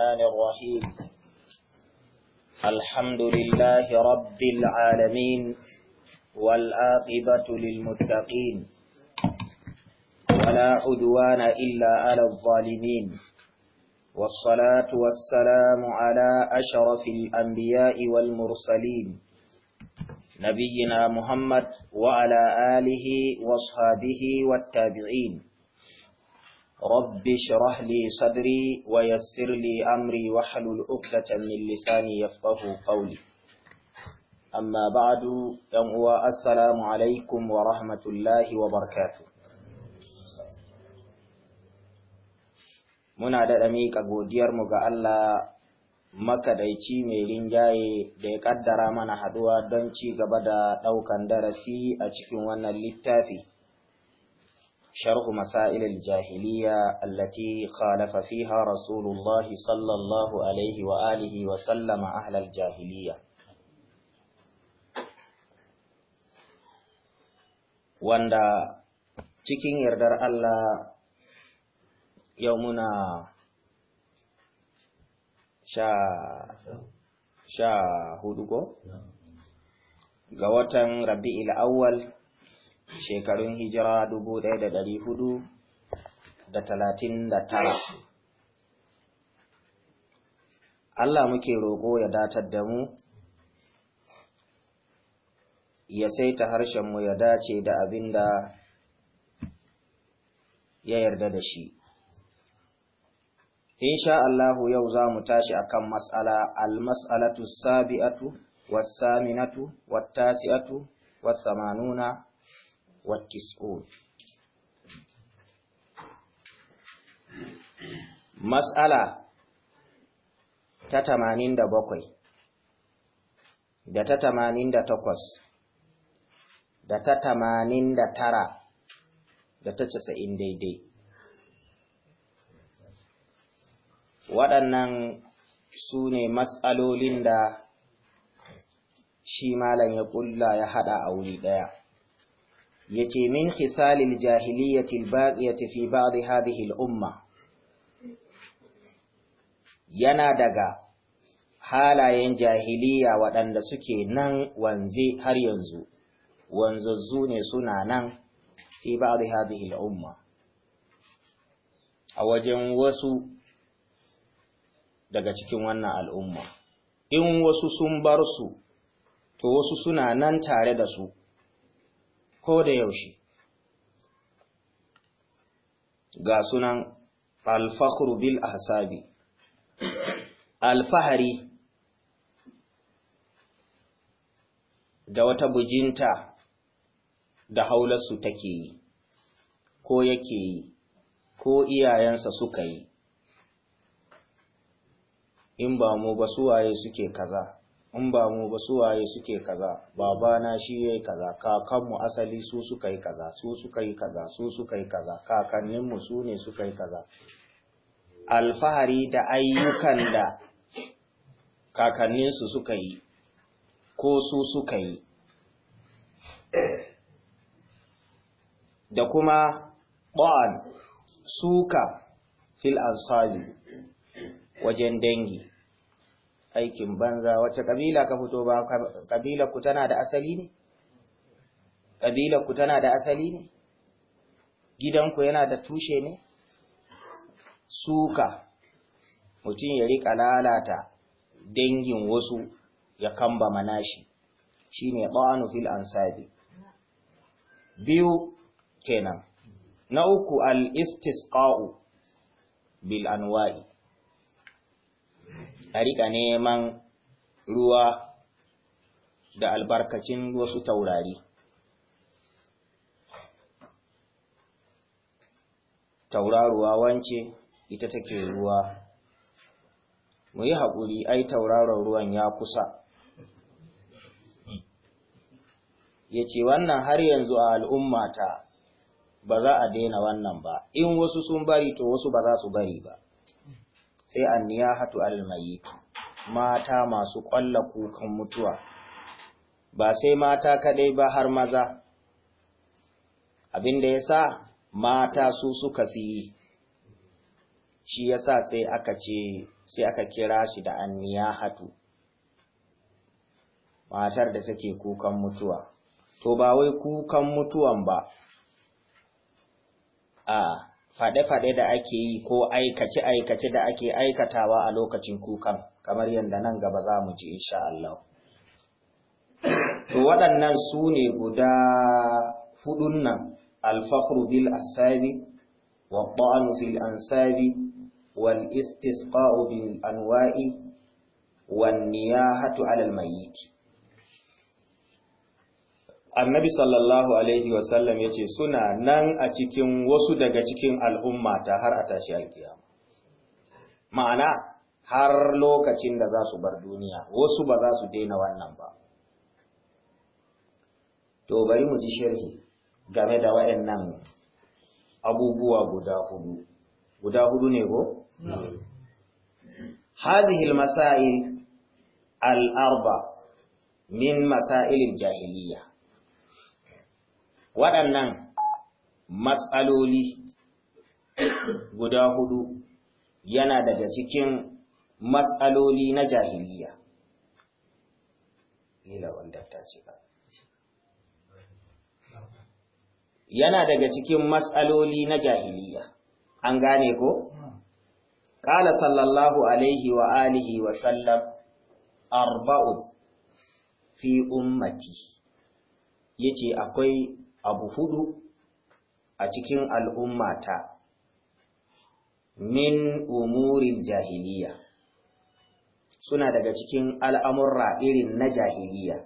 الرحمن الرحيم الحمد لله رب العالمين والآقبة للمتقين ولا عدوان إلا على الظالمين والصلاة والسلام على أشرف الأنبياء والمرسلين نبينا محمد وعلى آله واصحابه والتابعين رب اشرح لي صدري ويسر لي أمري واحلل عقدة من لساني يفقه قولي أما بعد يوم السلام عليكم ورحمة الله وبركاته muna da miƙa mu ga Allah makadaici mai ringaye da ya ƙaddara mana haɗuwa don ci gaba da ɗaukan darasi a cikin wannan littafi شرح مسائل الجاهلية التي خالف فيها رسول الله صلى الله عليه وآله وسلم أهل الجاهلية wanda cikin yardar Allah yau muna sha sha hudu go ga watan rabi'il awwal shekarun hijira dubu ɗaya da ɗari hudu da talatin da tara Allah muke roƙo ya datar da mu ya saita harshenmu ya dace da abin da ya yarda da shi in sha Allahu yau za mu tashi kan mas'ala al-mas'alatu sabi'atu wasaminatu saminatu wasamanuna samanuna والتسعون مسألة ta tamanin da bakwai da ta tamanin da takwas da ta tamanin da tara da ta casa'in daidai waɗannan su ne matsalolin da shi malam ya ƙulla ya haɗa a wuri ɗaya yace min khisalil jahiliyyati albaqiyati fi ba'd hadhihi al-umma yana daga halayen jahiliya waɗanda suke nan wanze har yanzu wanzazzu ne suna nan fi ba'd hadhihi al-umma a wajen wasu daga cikin wannan al'umma in wasu sun bar su to wasu suna nan tare da su ko da yaushe ga sunan alfakhru bil ahsabi alfahari da wata bujinta da haularsu take yi ko yake yi ko iyayensa suka yi in ba mu ba suwaye suke kaza in ba mu ba su waye suke kaza babana shi yayi kaza kakanmu asali su suka yi kaza su suka yi kaza su suka yi kaza mu su ne suka yi kaza alfahari da ayyukan da kakanninsu suka yi ko su suka yi da kuma ba'an suka fil ansabi wajen dangi aikin banza wacce kabila ka fito ba kabilar ku tana da asali ne kabilar ku tana da asali ne gidanku yana da tushe ne suka mutum ya rika lalata dangin wasu ya kamba manashi shine ba'anu fil ansabi biyu kenan na uku al-istisqa'u bil anwa'i a riƙa neman ruwa da albarkacin wasu taurari. Tauraruwa wance ita take ruwa, mu yi haƙuri ai tauraron ruwan ya kusa. Ya ce wannan har yanzu a al'ummata ba za a daina wannan ba, in wasu sun bari to wasu ba za su bari ba. sai anniyahatu almayit mata masu ƙwalla kukan mutuwa ba sai mata kaɗai ba har maza abinda ya sa mata su suka fi yi, shi ya sa sai aka ce sai aka kira shi da hatu. matar da take kukan mutuwa to ba wai kukan mutuwan ba A'a. faɗe-faɗe da ake yi ko aikace-aikace da ake aikatawa a lokacin kukan kamar yadda nan gaba za mu ji insha Allah. waɗannan su ne guda hudun nan alfahru bil asabi wa ta'anu fil ansabi wal istisqa'u bil anwa'i wan niyahatu alal mayyiti annabi sallallahu alaihi wasallam ya ce suna nan a cikin wasu daga cikin al'ummata har a tashi alkiyama ma'ana har lokacin da za su bar duniya wasu ba za su daina wannan ba to bari mu ji sharhi game da wa'annan abubuwa guda hudu guda hudu ne ko? هذه المسائل الأربع من مسائل الجاهلية waɗannan matsaloli guda hudu yana daga cikin matsaloli na jahiliya. Yana daga cikin matsaloli na jahiliya, an gane ko? Ƙala sallallahu Alaihi wa alihi wa sallam arba'un fi ummati, yace akwai abu hudu a cikin al'ummata min umurin jahiliya suna daga cikin al'amurra irin na jahiliya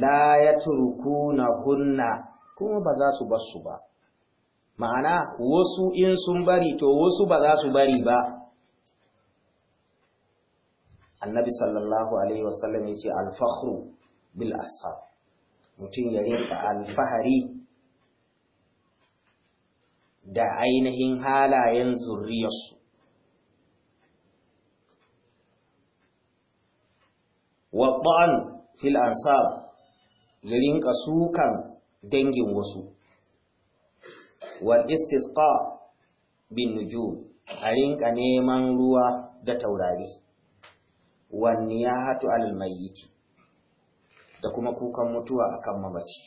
la ya turkuna hunna kuma ba za su basu ba ma'ana wasu in sun bari to wasu ba za su bari ba annabi sallallahu alaihi wasallam ya ce alfahru bil asar. mutum ya rinka alfahari da ainihin halayen zurriyarsu waɗan fil ansab ya rinka sukan dangin wasu wal istisqa bin nuju a rinka neman ruwa da taurari wal niyahatu al mayyiti da kuma kukan mutuwa akan mabaci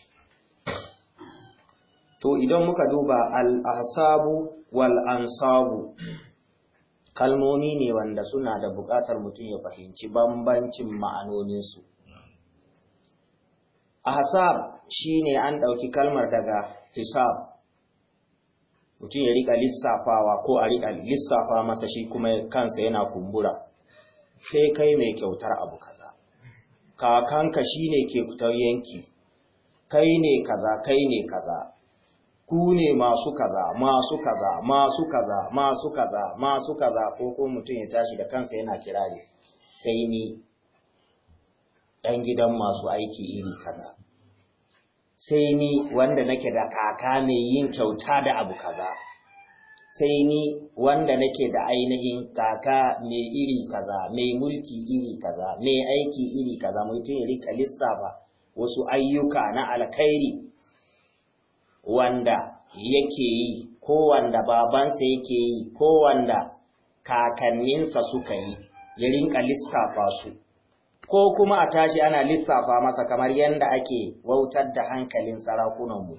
to idan muka duba al’asabu wal’ansabu ansabu kalmomi ne wanda suna da buƙatar mutum ya fahimci bambancin ma'anoninsu shi ne an ɗauki kalmar daga hisab mutum ya riƙa lissafawa ko a riƙa lissafa masa shi kuma kansa yana kumbura sai kai mai kyautar abu kakanka shine ke fitar yanki kai ne kaza kai ne kaza ku ne masu kaza masu kaza masu kaza masu kaza masu kaza ko ko mutum ya tashi da kansa yana kira ne? sai ni ɗan gidan masu aiki iri kaza sai ni wanda nake da kaka mai yin kyauta da abu kaza sai ni wanda nake da ainihin kaka mai iri kaza mai mulki iri kaza mai aiki iri kaza mutum ya rika lissafa wasu ayyuka na alkhairi wanda yake yi ko wanda babansa yake yi ko wanda kakanninsa suka yi ya rinka lissafa su ko kuma a tashi ana lissafa masa kamar yadda ake wautar da hankalin sarakunanmu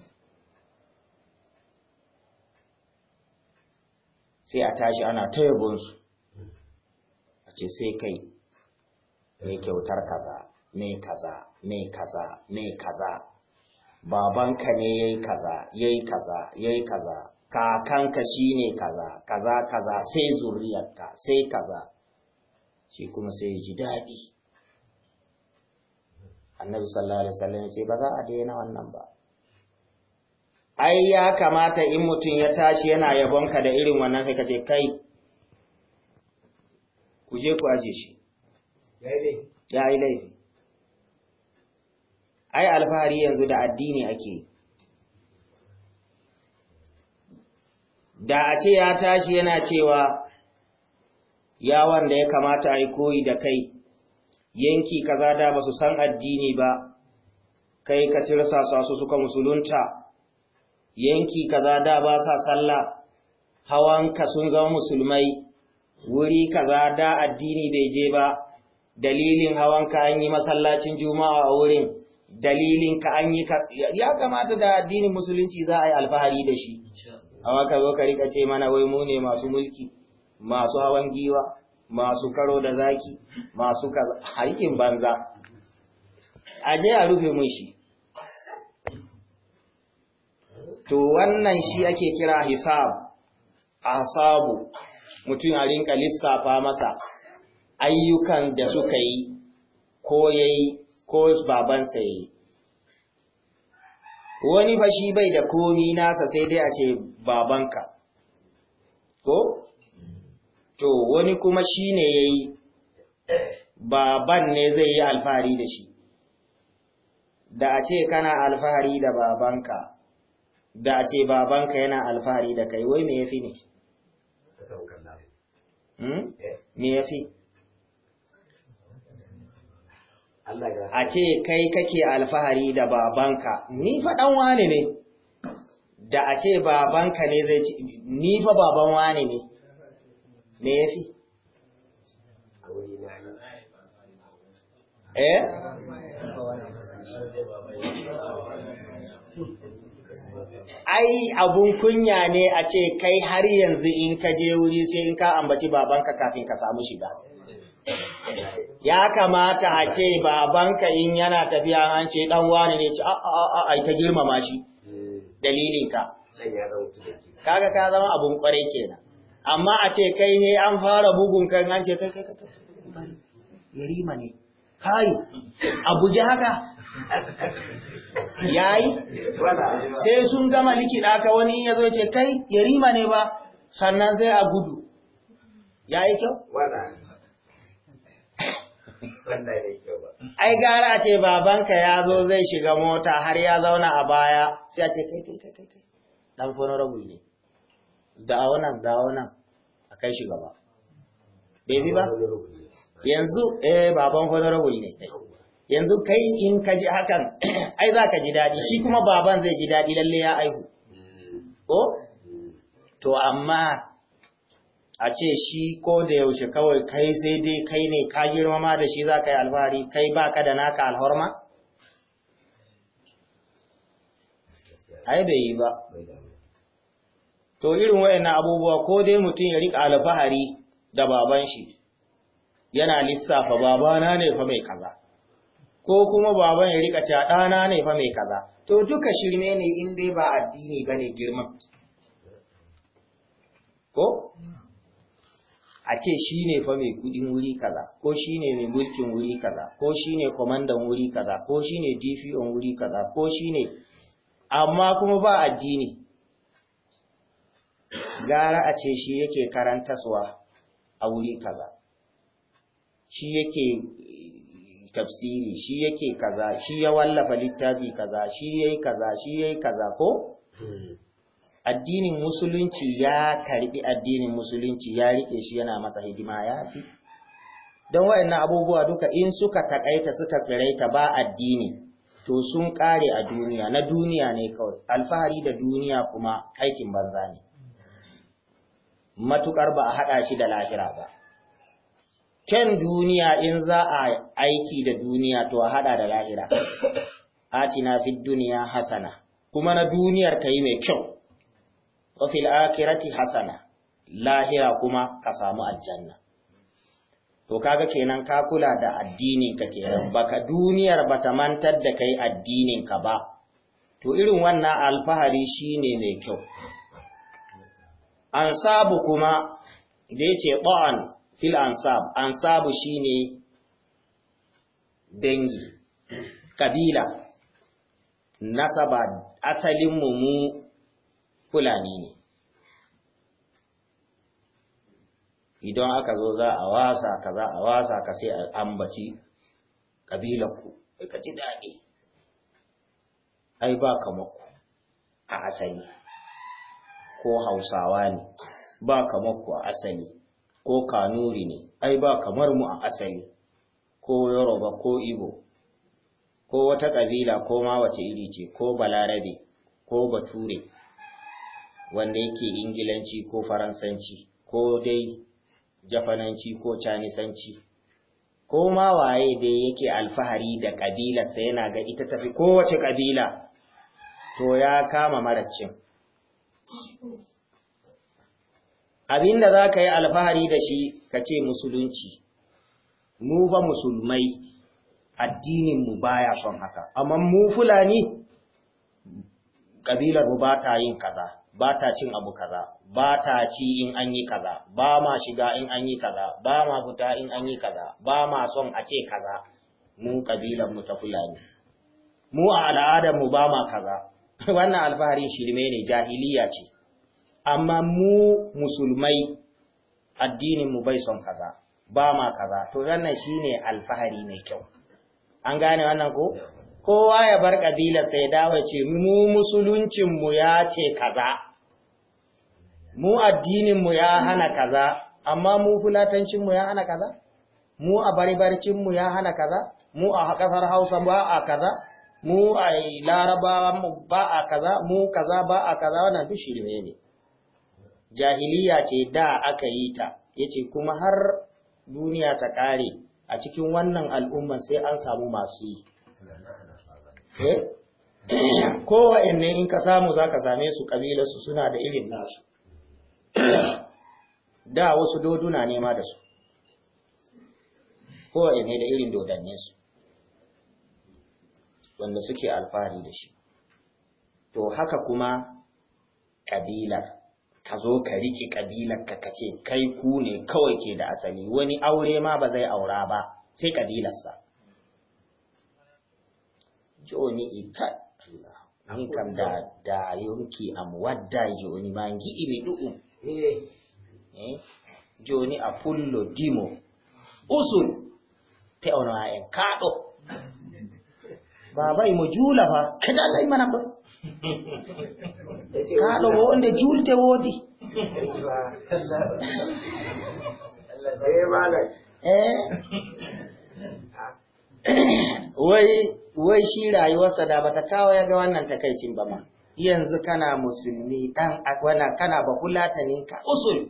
sai a tashi ana ta yabonsu a ce sai kai mai kyautar kaza mai kaza mai kaza mai kaza babanka ne yayi kaza yayi kaza yayi kaza kakanka shine kaza kaza kaza sai zuriyarka sai kaza shi kuma sai ji daɗi annabi sallallahu alaihi wasallam ya ce ba za a daina wannan ba ai ya kamata in mutum ya tashi yana yabonka da irin wannan sai kace kai ku je ku aje shi ya yi laifi ai alfahari yanzu da addini ake da a ce ya tashi yana cewa ya wanda ya kamata a yi koyi da kai yanki kaza da ba su san addini ba kai ka tirsa su suka musulunta yanki kaza da ba sa sallah hawanka sun zama musulmai wuri kaza da addini bai je ba dalilin hawanka an yi masallacin juma'a a wurin dalilin ka an yi ya kamata da addinin musulunci za a yi alfahari da shi amma ka zo ka rika ce mana wai mu ne masu mulki masu hawan giwa masu karo da zaki masu kaza haikin banza Aje a rufe mun shi to wannan shi ake kira hisab asabu mutum a rinka lissafa masa ayyukan da suka yi ko yi ko babansa yayi wani fashi bai da komi nasa sai dai a ce babanka ko to wani kuma shi ne ya yi baban ne zai yi alfahari da shi da a ce kana alfahari da babanka da a ce babanka yana alfahari da kai wai me ya fi ne? Hmm? Me ya fi? A ce kai kake alfahari da babanka, ni faɗan ɗan ne, da a ce babanka ne zai ci, ni fa baban wani ne, me ya fi? Eh? ai abun kunya ne a ce kai har yanzu in ka je wuri sai in ka ambaci babanka kafin ka samu shiga ya kamata a ce babanka in yana tafiya an ce dan wani ne ce a a ta girmama shi dalilin ka. kaga ka zama abun kwarai kenan amma a ce kai ne an fara bugun kan an ce kai kai kai yarima ne kai abuja haka yayi sai sun gama likida ka wani ya zo ce kai yarima ne ba sannan zai a gudu yayi kyau ai gara a ce babanka ya zo zai shiga mota har ya zauna a baya sai a ce kai kai kai kai dan rabu ne da wannan da wannan a kai shi gaba bai bi ba yanzu eh baban fono rabu ne kai yanzu kai in ka ji hakan ai za ka ji daɗi shi kuma baban zai ji daɗi lalle ya aihu ko to amma a ce shi ko da yaushe kawai kai sai dai kai ne ka girmama da shi za ka yi alfahari kai ba ka da naka alhorma ai bai yi ba to irin na abubuwa ko dai mutum ya rika alfahari da baban shi yana lissafa babana ne fa mai kaza ko kuma baban ya rika cewa ɗana ne fa mai kaza to duka shirme ne in dai ba addini bane girman ko a ce shi ne fa mai kudin wuri kaza ko shi ne mai mulkin wuri kaza ko shi ne kwamandan wuri kaza ko shi ne dpo wuri kaza ko shi ne amma kuma ba addini gara a ce shi yake suwa a wuri kaza shi yake tafsiri shi yake kaza shi ya wallafa littafi kaza shi yayi kaza shi yayi kaza ko hmm. addinin musulunci ya karbi addinin musulunci ya rike shi yana masa hidima ya fi don waɗannan abubuwa duka in suka takaita suka tsiraita ba addini to sun kare a duniya na duniya ne kawai alfahari da duniya kuma aikin banza ne matukar ba a hada shi da lahira ba ken duniya in za a aiki da duniya to a hada da lahira atina fid duniya hasana kuma na duniyar ka yi mai kyau wa fil akhirati hasana lahira kuma ka samu aljanna to kaga kenan ka kula da addinin ka kenan baka duniyar bata mantar da kai addinin ka ba to irin wannan alfahari shine mai kyau an sabu kuma da yace ta'an fil ansab ansabu shine dangi kabila nasaba asalin mu mu fulani ne idan aka zo za a wasa ka za a wasa ka sai a ambaci kabilanku ka ji daɗi ai ba kamakku a asali ko hausawa ne ba kamakku a asali ko kanuri ne ai ba kamar mu a asali ko yoruba ko igbo ko wata ƙabila ko ma wace iri ce ko balarabe ko bature wanda yake ingilanci ko faransanci ko dai jafananci ko canisanci ko ma waye dai yake alfahari da ƙabilarsa yana ga ita tafi kowace ƙabila to ya kama maracin abinda za ka yi alfahari da shi ka ce musulunci mu ba musulmai addininmu baya son haka amma mu fulani ƙabilar mu ba ta yin kaza ba ta cin abu kaza ba ta ci in an yi kaza ba ma shiga in an yi kaza ba ma fita in an yi kaza ba ma son a ce kaza mu ƙabilar mu ta fulani mu a al'adar mu ba ma kaza wannan alfahari shirme ne jahiliya ce amma mu musulmai addinin mu bai son kaza ba ma kaza to wannan shine alfahari mai kyau an gane wannan ko kowa ya bar kabila sai dawo ce mu musuluncin mu ya ce kaza mu addinin mu ya hana kaza amma mu fulatancin mu ya hana kaza mu a baribarcin mu ya hana kaza mu a kasar Hausa ba a kaza mu a larabawa ba a kaza mu kaza ba a kaza wannan duk shirme ne jahiliya ce da aka yi ta yace kuma har duniya ta kare a cikin wannan al'umma sai an samu masu yi eh? kowanne in ka samu za ka same su ƙabilarsu suna da irin nasu da wasu doduna ne ma da su kowanne da irin dodanne su wanda suke alfahari da shi to haka kuma kabilar ka zo ka riƙe ƙabilarka ka ce kai ku ne kawai ke da asali wani aure ma ba zai aura ba sai ƙabilarsa joni ita an kam da da yonki a muwadda joni ma ngi ini du'u eh, eh, joni a fullo dimo usul ta ona en kaɗo babai mu jula fa kada lai mana ba kaɗo wo nde julde wodi eh? wai wai shi rayuwarsa da bata kawo ya ga wannan takaicin ba ma yanzu kana musulmi dan akwana kana ba hulatanin ka usul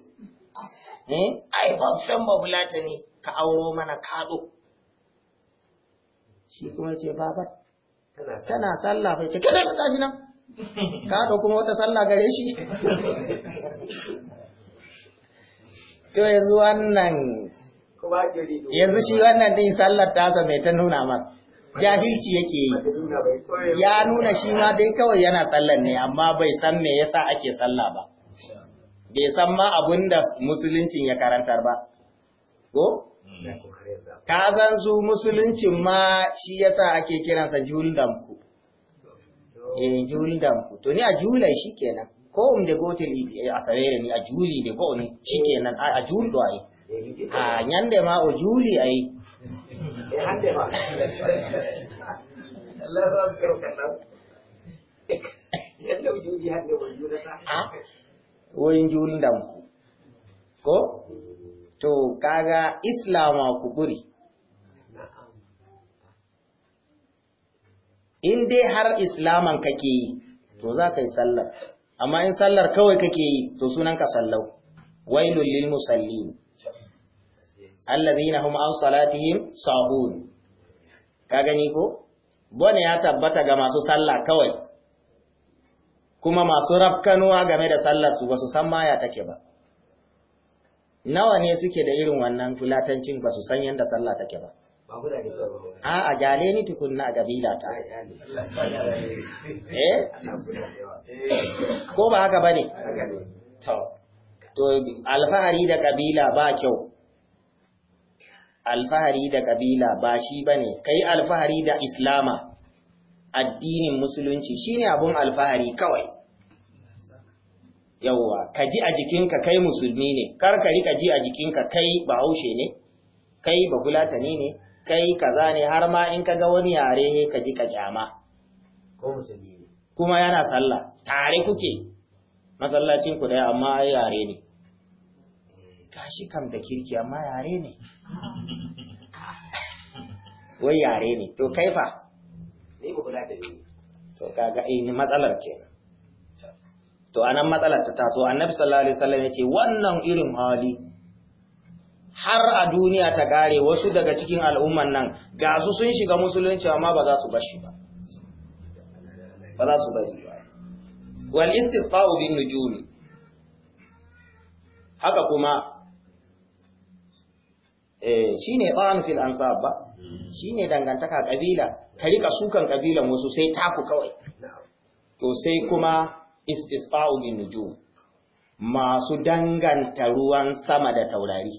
eh ai san ba fulatani ka auro mana kado shi kuma ce babat tana sallah bai ce kada ka tashi nan ka da kuma wata sallah gare shi to yanzu wannan yanzu shi wannan din sallar tasa mai ta nuna ma jahilci yake yi ya nuna shi ma dai kawai yana sallar ne amma bai san me yasa ake sallah ba bai san ma abin da musuluncin ya karantar ba ko Ka san su musuluncin ma shi yasa ake kiransa juldamku. Eh, juldamku. To ni a julai shi kenan. Ko um da goteli eh, a sarere ni a juli da ko ni shi kenan a do ai. A nyande ma o juli ai. Hande eh, ma. Allah ba ka da Yanda juli hande wa julata. Ah. Woyin juldamku. Ko? to kaga islama kuburi in dai har islaman kake yi to za ka yi sallar amma in sallar kawai kake yi to sunan ka sallau wailul lil musallin alladhina hum an salatihim sahun ka gani ko bone ya tabbata ga masu sallah kawai kuma masu rafkanuwa game da sallar su ba su san ma ya take ba nawa ne suke da irin wannan fulatancin ba su san yadda sallah take ba a a gyale ni tukunna a gabila ta eh, eh ko ba haka ba ne? to alfahari da ƙabila ba kyau alfahari da kabila ba shi ba bane kai alfahari da islama addinin musulunci shine abun alfahari kawai yawwa ka ji a jikinka kai musulmi ne kar ka rika ji a jikinka kai bahaushe ne kai bafulatani ne kai kaza ne har ma in ka ga wani yare ne ka ji ka kyama kuma yana sallah tare kuke masallacin ku dai amma yare ne eh. gashi kam da kirki amma yare ne wai yare ne to kaifa ni ba kula ta ne to kaga eh matsalar kenan to anan matsalar ta taso annabi sallallahu alaihi wasallam ya ce wannan irin hali har a duniya ta gare wasu daga cikin al'umman nan ga su sun shiga musulunci amma ba za su bashi ba ba za su bari ba wal istifa'u bin nujumi haka kuma eh shine ba'an fil ansab ba shine dangantaka kabila ka rika sukan kabilan wasu sai taku kawai to sai kuma istisqa'u nujum masu danganta ruwan sama da taurari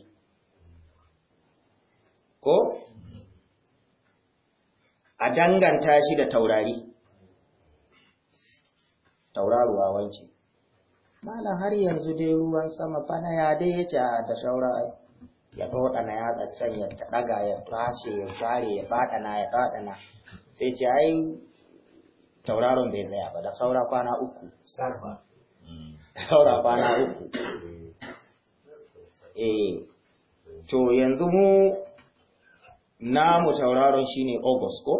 ko a danganta shi da taurari tauraruwa wance malam har yanzu dai ruwan sama fana ya dai da shaura ya na ya tsaccan ya daga ya tashi ya fare ya na ya na sai ce ai tauraron da ya ba da saura kwana uku sarfa mm. saura kwana eh. uku eh to yanzu mu namu tauraron shine august ko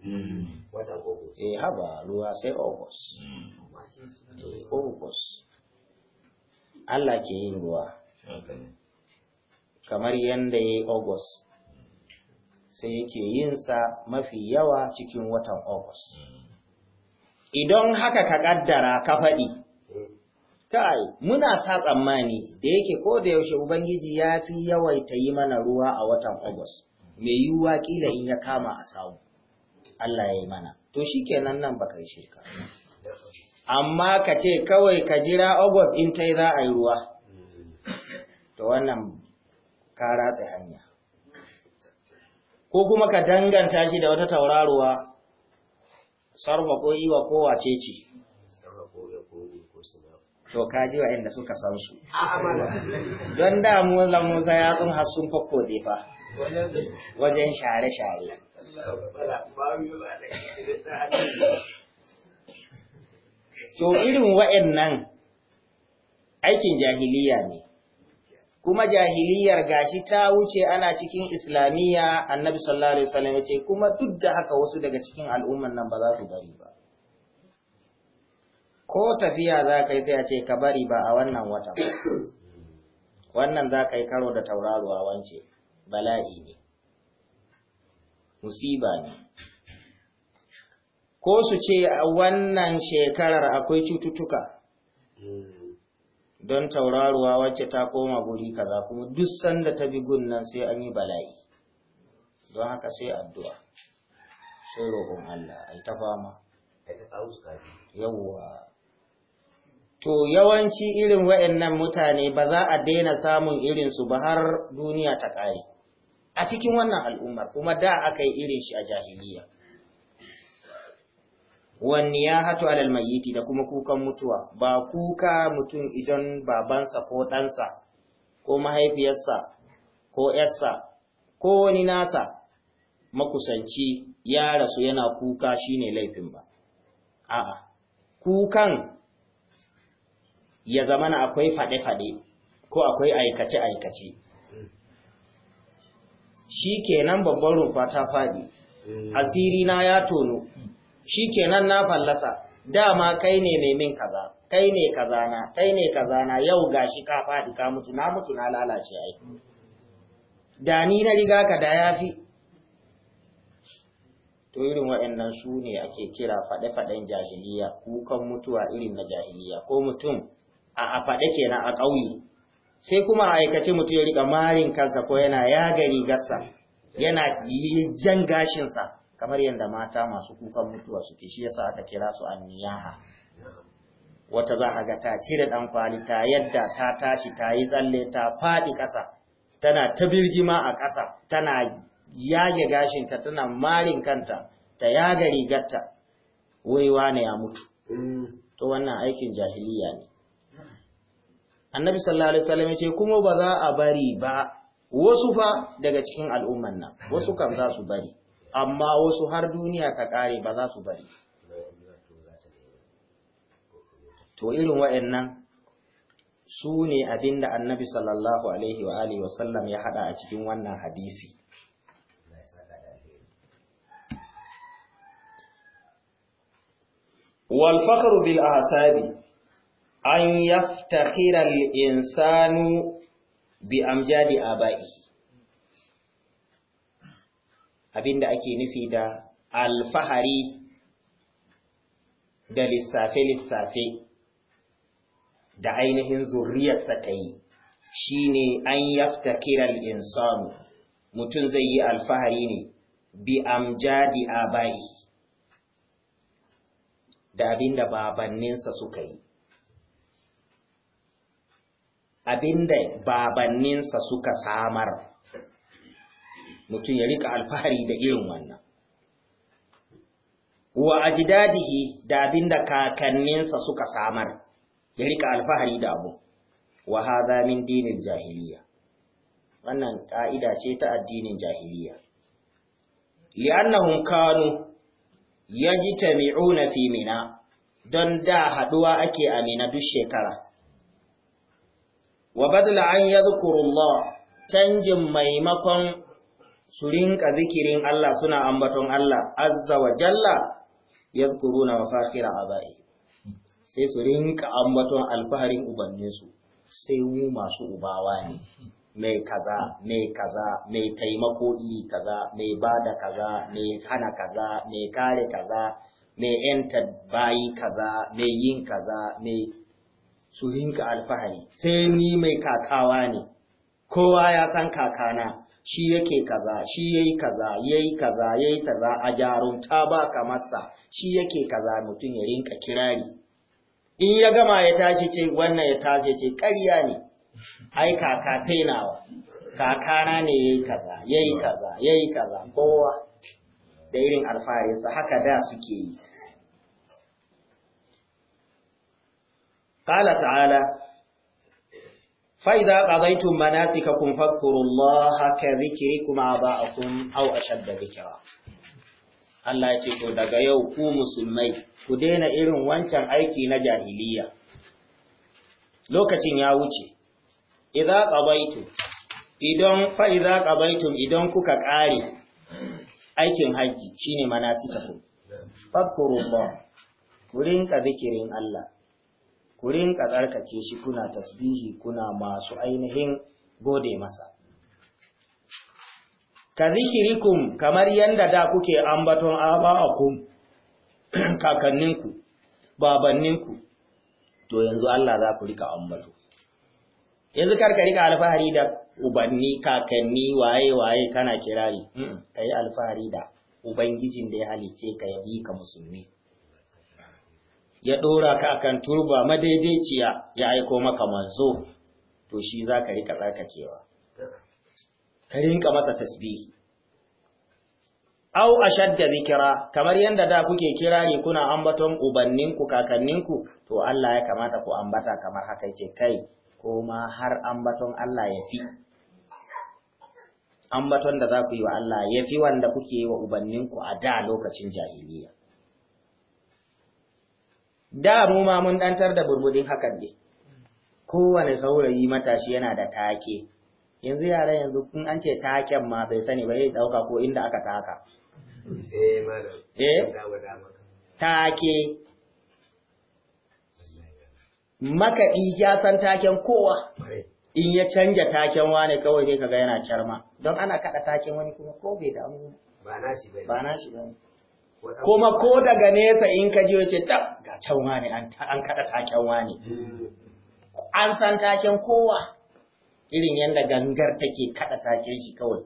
mm. eh haba ruwa sai august mm. eh, august Allah ke yin ruwa kamar yanda ya yi august sai yake yinsa mafi yawa cikin watan august mm -hmm. idan haka ka ƙaddara ka faɗi kai muna sa tsammani da yake ko da yaushe ubangiji ya fi yawaita yi mana ruwa a watan agus mai yiwuwa ƙila in ya kama a samu Allah ya yi mana to shi kenan nan baka yi shirka amma ka ce kawai ka jira agus in ta yi za a yi ruwa to wannan ka ratsa hanya ko kuma ka danganta shi da wata tauraruwa sarwa ko iwa ko wace ce to kaji wa inda suka san su don da mulan ya tsun hasun sun dai fa wajen share-share to irin wa'annan aikin jahiliya ne kuma jahiliyar gashi ta wuce ana cikin islamiyya annabi sallallahu alaihi wasallam ya ce kuma duk da haka wasu daga cikin al'umman nan ba za su bari ba ko tafiya za ka yi sai a ce ka bari ba a wannan wata wannan za ka yi karo da tauraruwa wance bala'i ne musiba ne ko su ce a wannan shekarar akwai cututtuka hmm. don tauraruwa wacce ta koma guri kaza kuma duk sanda ta bi gun nan sai an yi bala'i don haka sai addu'a sai roƙon Allah ai ta fama yawwa to yawanci irin wa'annan mutane ba za a daina samun irinsu ba har duniya ta ƙare a cikin wannan al'ummar kuma da aka yi irin shi a jahiliya wani ya hatu alal mayiti da kuma kukan mutuwa ba kuka mutum idan babansa ko ɗansa ko mahaifiyarsa ko ‘yarsa ko wani nasa makusanci ya rasu yana kuka shine laifin ba a'a kukan ya zama na akwai faɗe-faɗe ko akwai aikace-aikace shi kenan babban rumfa ta faɗi mm. asiri na ya tono shi kenan na fallasa dama kai ne mai min kaza kai ne kazana kai ne kazana yau gashi ka faɗi ka mutu na mutu na lalace ai da ni na riga ka da yafi to irin waɗannan su ne ake kira faɗe-faɗen jahiliya kukan mutuwa irin na jahiliya ko mutum a a faɗe kenan a ƙauye sai kuma a aikace mutum ya riga marin kansa ko yana yaga rigarsa yana yi jan gashinsa kamar yadda mata masu kukan mutuwa suke shi yasa aka kira su anniyaha wata za ga ta cire dan kwali ta yadda ta tashi ta yi tsalle ta fadi ƙasa tana ta birgima a ƙasa tana yage gashin ta tana marin kanta ta yaga rigarta wai ne ya mutu to wannan aikin jahiliya ne annabi sallallahu alaihi wasallam yace kuma ba za a bari ba wasu fa daga cikin al'umman nan wasu kan za su bari amma wasu har duniya ta ƙare ba za su bari to irin wa'annan su ne abin da annabi sallallahu alaihi wa alihi wasallam ya hada a cikin wannan hadisi والفخر بالأعصاب أن يفتخر الإنسان a آبائه abinda ake nufi da alfahari da lissafe-lissafe da ainihin zurriyar ta yi shi an yafta kiran insan mutum zai yi alfahari ne bi amjadi abai da abinda babanninsa suka yi abinda babanninsa suka samar mutum ya rika alfahari da irin wannan wa ajdadihi da abinda kakanninsa suka samar ya rika alfahari da abu wa hadha min dinil jahiliya wannan ƙa'ida ce ta addinin jahiliya ya kanu yajtami'una fi mina don da haduwa ake a mina duk shekara wa badala an yadhkuru canjin maimakon su rinka zikirin Allah suna ambaton Allah azza wa jalla ya na mafafira a bai. sai su rinka ambaton alfaharin ubanninsu sai mu masu ubawa ne mai kaza mai kaza mai taimako iri kaza mai bada kaza mai hana kaza mai kare kaza mai yanta bayi kaza mai yin kaza mai su rinka alfahari sai ni mai kakawa ne kowa ya san kakana shi yake kaza shi yayi kaza yayi kaza yayi kaza a ta ba kamarsa shi yake kaza mutum ya rinka kirari in ya gama ya tashi ce wannan ya tashi ce ƙarya ne ai kaka sai nawa kakana ne yayi kaza yayi kaza yayi kaza kowa da irin sa haka da suke yi qala ta'ala فإذا قضيتم مناسككم فاذكروا الله كذكركم آباءكم أو أشد ذكرا Allah ya ce to daga yau ku musulmai ku daina irin wancan aiki na jahiliya lokacin ya wuce idza qabaitu idan fa idza qabaitum idan kuka kare aikin haji shine manasikakum fadkurullah ku rinka zikirin Allah ku rinka tsarkake shi kuna tasbihi kuna masu ainihin gode masa ka zikirikum kamar yadda da kuke ambaton ku, kakanninku babanninku to yanzu Allah za ku rika ambato yanzu ka rika alfahari da ubanni kakanni waye waye kana kirari kai alfahari da ubangijin da ya halice ka yabi ka musulmi ya ɗora ka akan turba madaidaiciya ya aiko maka manzo to shi za ka rika tsarkakewa ka rinka masa tasbihi au a shadda zikira kamar yadda da kuke kira ne kuna ambaton ubanninku kakanninku to Allah ya kamata ku ambata kamar haka ke kai ko ma har ambaton Allah ya fi ambaton da za ku yi wa Allah ya fi wanda kuke yi wa ubanninku a da lokacin jahiliya da mu ma mun dantar da burbudin hakan ne kowane saurayi matashi yana da take yanzu yara yanzu kun an ce taken ma bai sani ba yayi dauka ko inda aka taka eh malam eh take makaɗi ya san taken kowa in ya canja taken wani kawai sai kaga yana kyarma don ana kaɗa taken wani kuma ko bai damu ba na shi ba ne kuma ko daga nesa in ka je ce tab ga kyanwa ne an kada taken wani an san taken kowa irin yadda gangar take kada taken shi kawai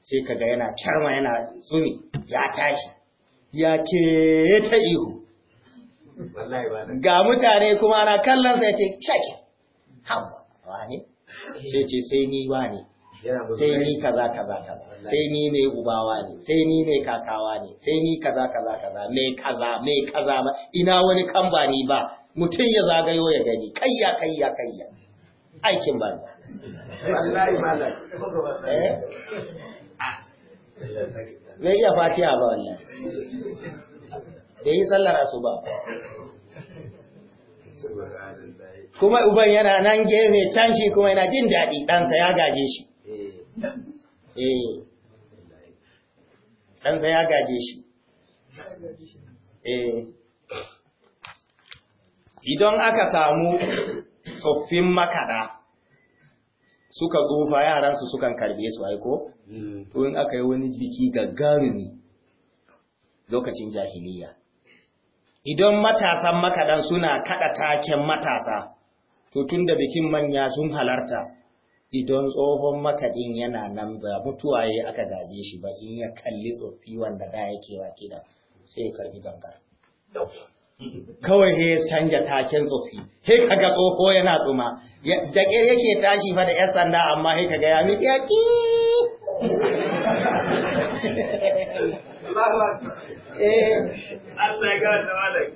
sai kaga yana kyarma yana tsumi ya tashi ya ke ta ihu ga mutane kuma ana kallon sai ce cek hawa wani sai ce sai ni wani sai ni kaza kaza kaza sai ni mai ubawa ne sai ni mai kakawa ne sai ni kaza kaza kaza mai kaza mai kaza ba ina wani kambani ba mutum ya zagayo ya gani kayya kayya kayya aikin ba eh? Bai iya Fatiya ba wannan. Bai yi sallar asuba. Kuma uban yana nan gefe can shi kuma yana jin daɗi ɗansa ya gaje shi. eh ya eh. idan aka samu tsoffin makaɗa suka tsufa yaransu sukan karbe su aiko mm. to in aka yi wani biki gagarumi lokacin jahiliya idan matasan makaɗan suna kaɗa taken matasa to tun da bikin manya sun halarta idan tsohon makaɗin yana nan ba mutuwa ya aka gaje shi ba in ya kalli tsofi wanda da yake wa da sai ya karbi gangar kawai sai ya canja taken tsofi sai kaga tsoho yana tsuma da ƙir yake tashi fa da 'yan sanda amma sai kaga ya miƙi ya ki eh. Allah ya gara malak.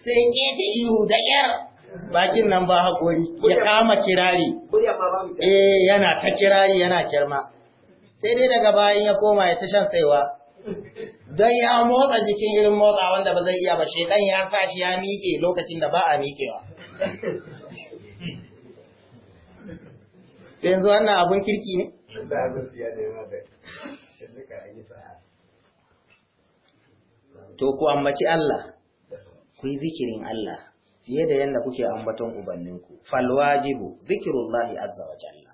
Sai ke ta ihu da 'yar. bakin nan ba hakori ya kama kirari eh yana ta kirari yana kirma sai dai daga bayan ya koma ya ta shan saiwa don ya motsa jikin irin motsa wanda ba zai iya ba shekan ya sa shi ya miƙe lokacin da ba a miƙewa yanzu wannan abun kirki ne to ku ambaci Allah ku yi zikirin Allah fiye da yadda kuke ambaton ubanninku falwajibu zikirullahi azza wa jalla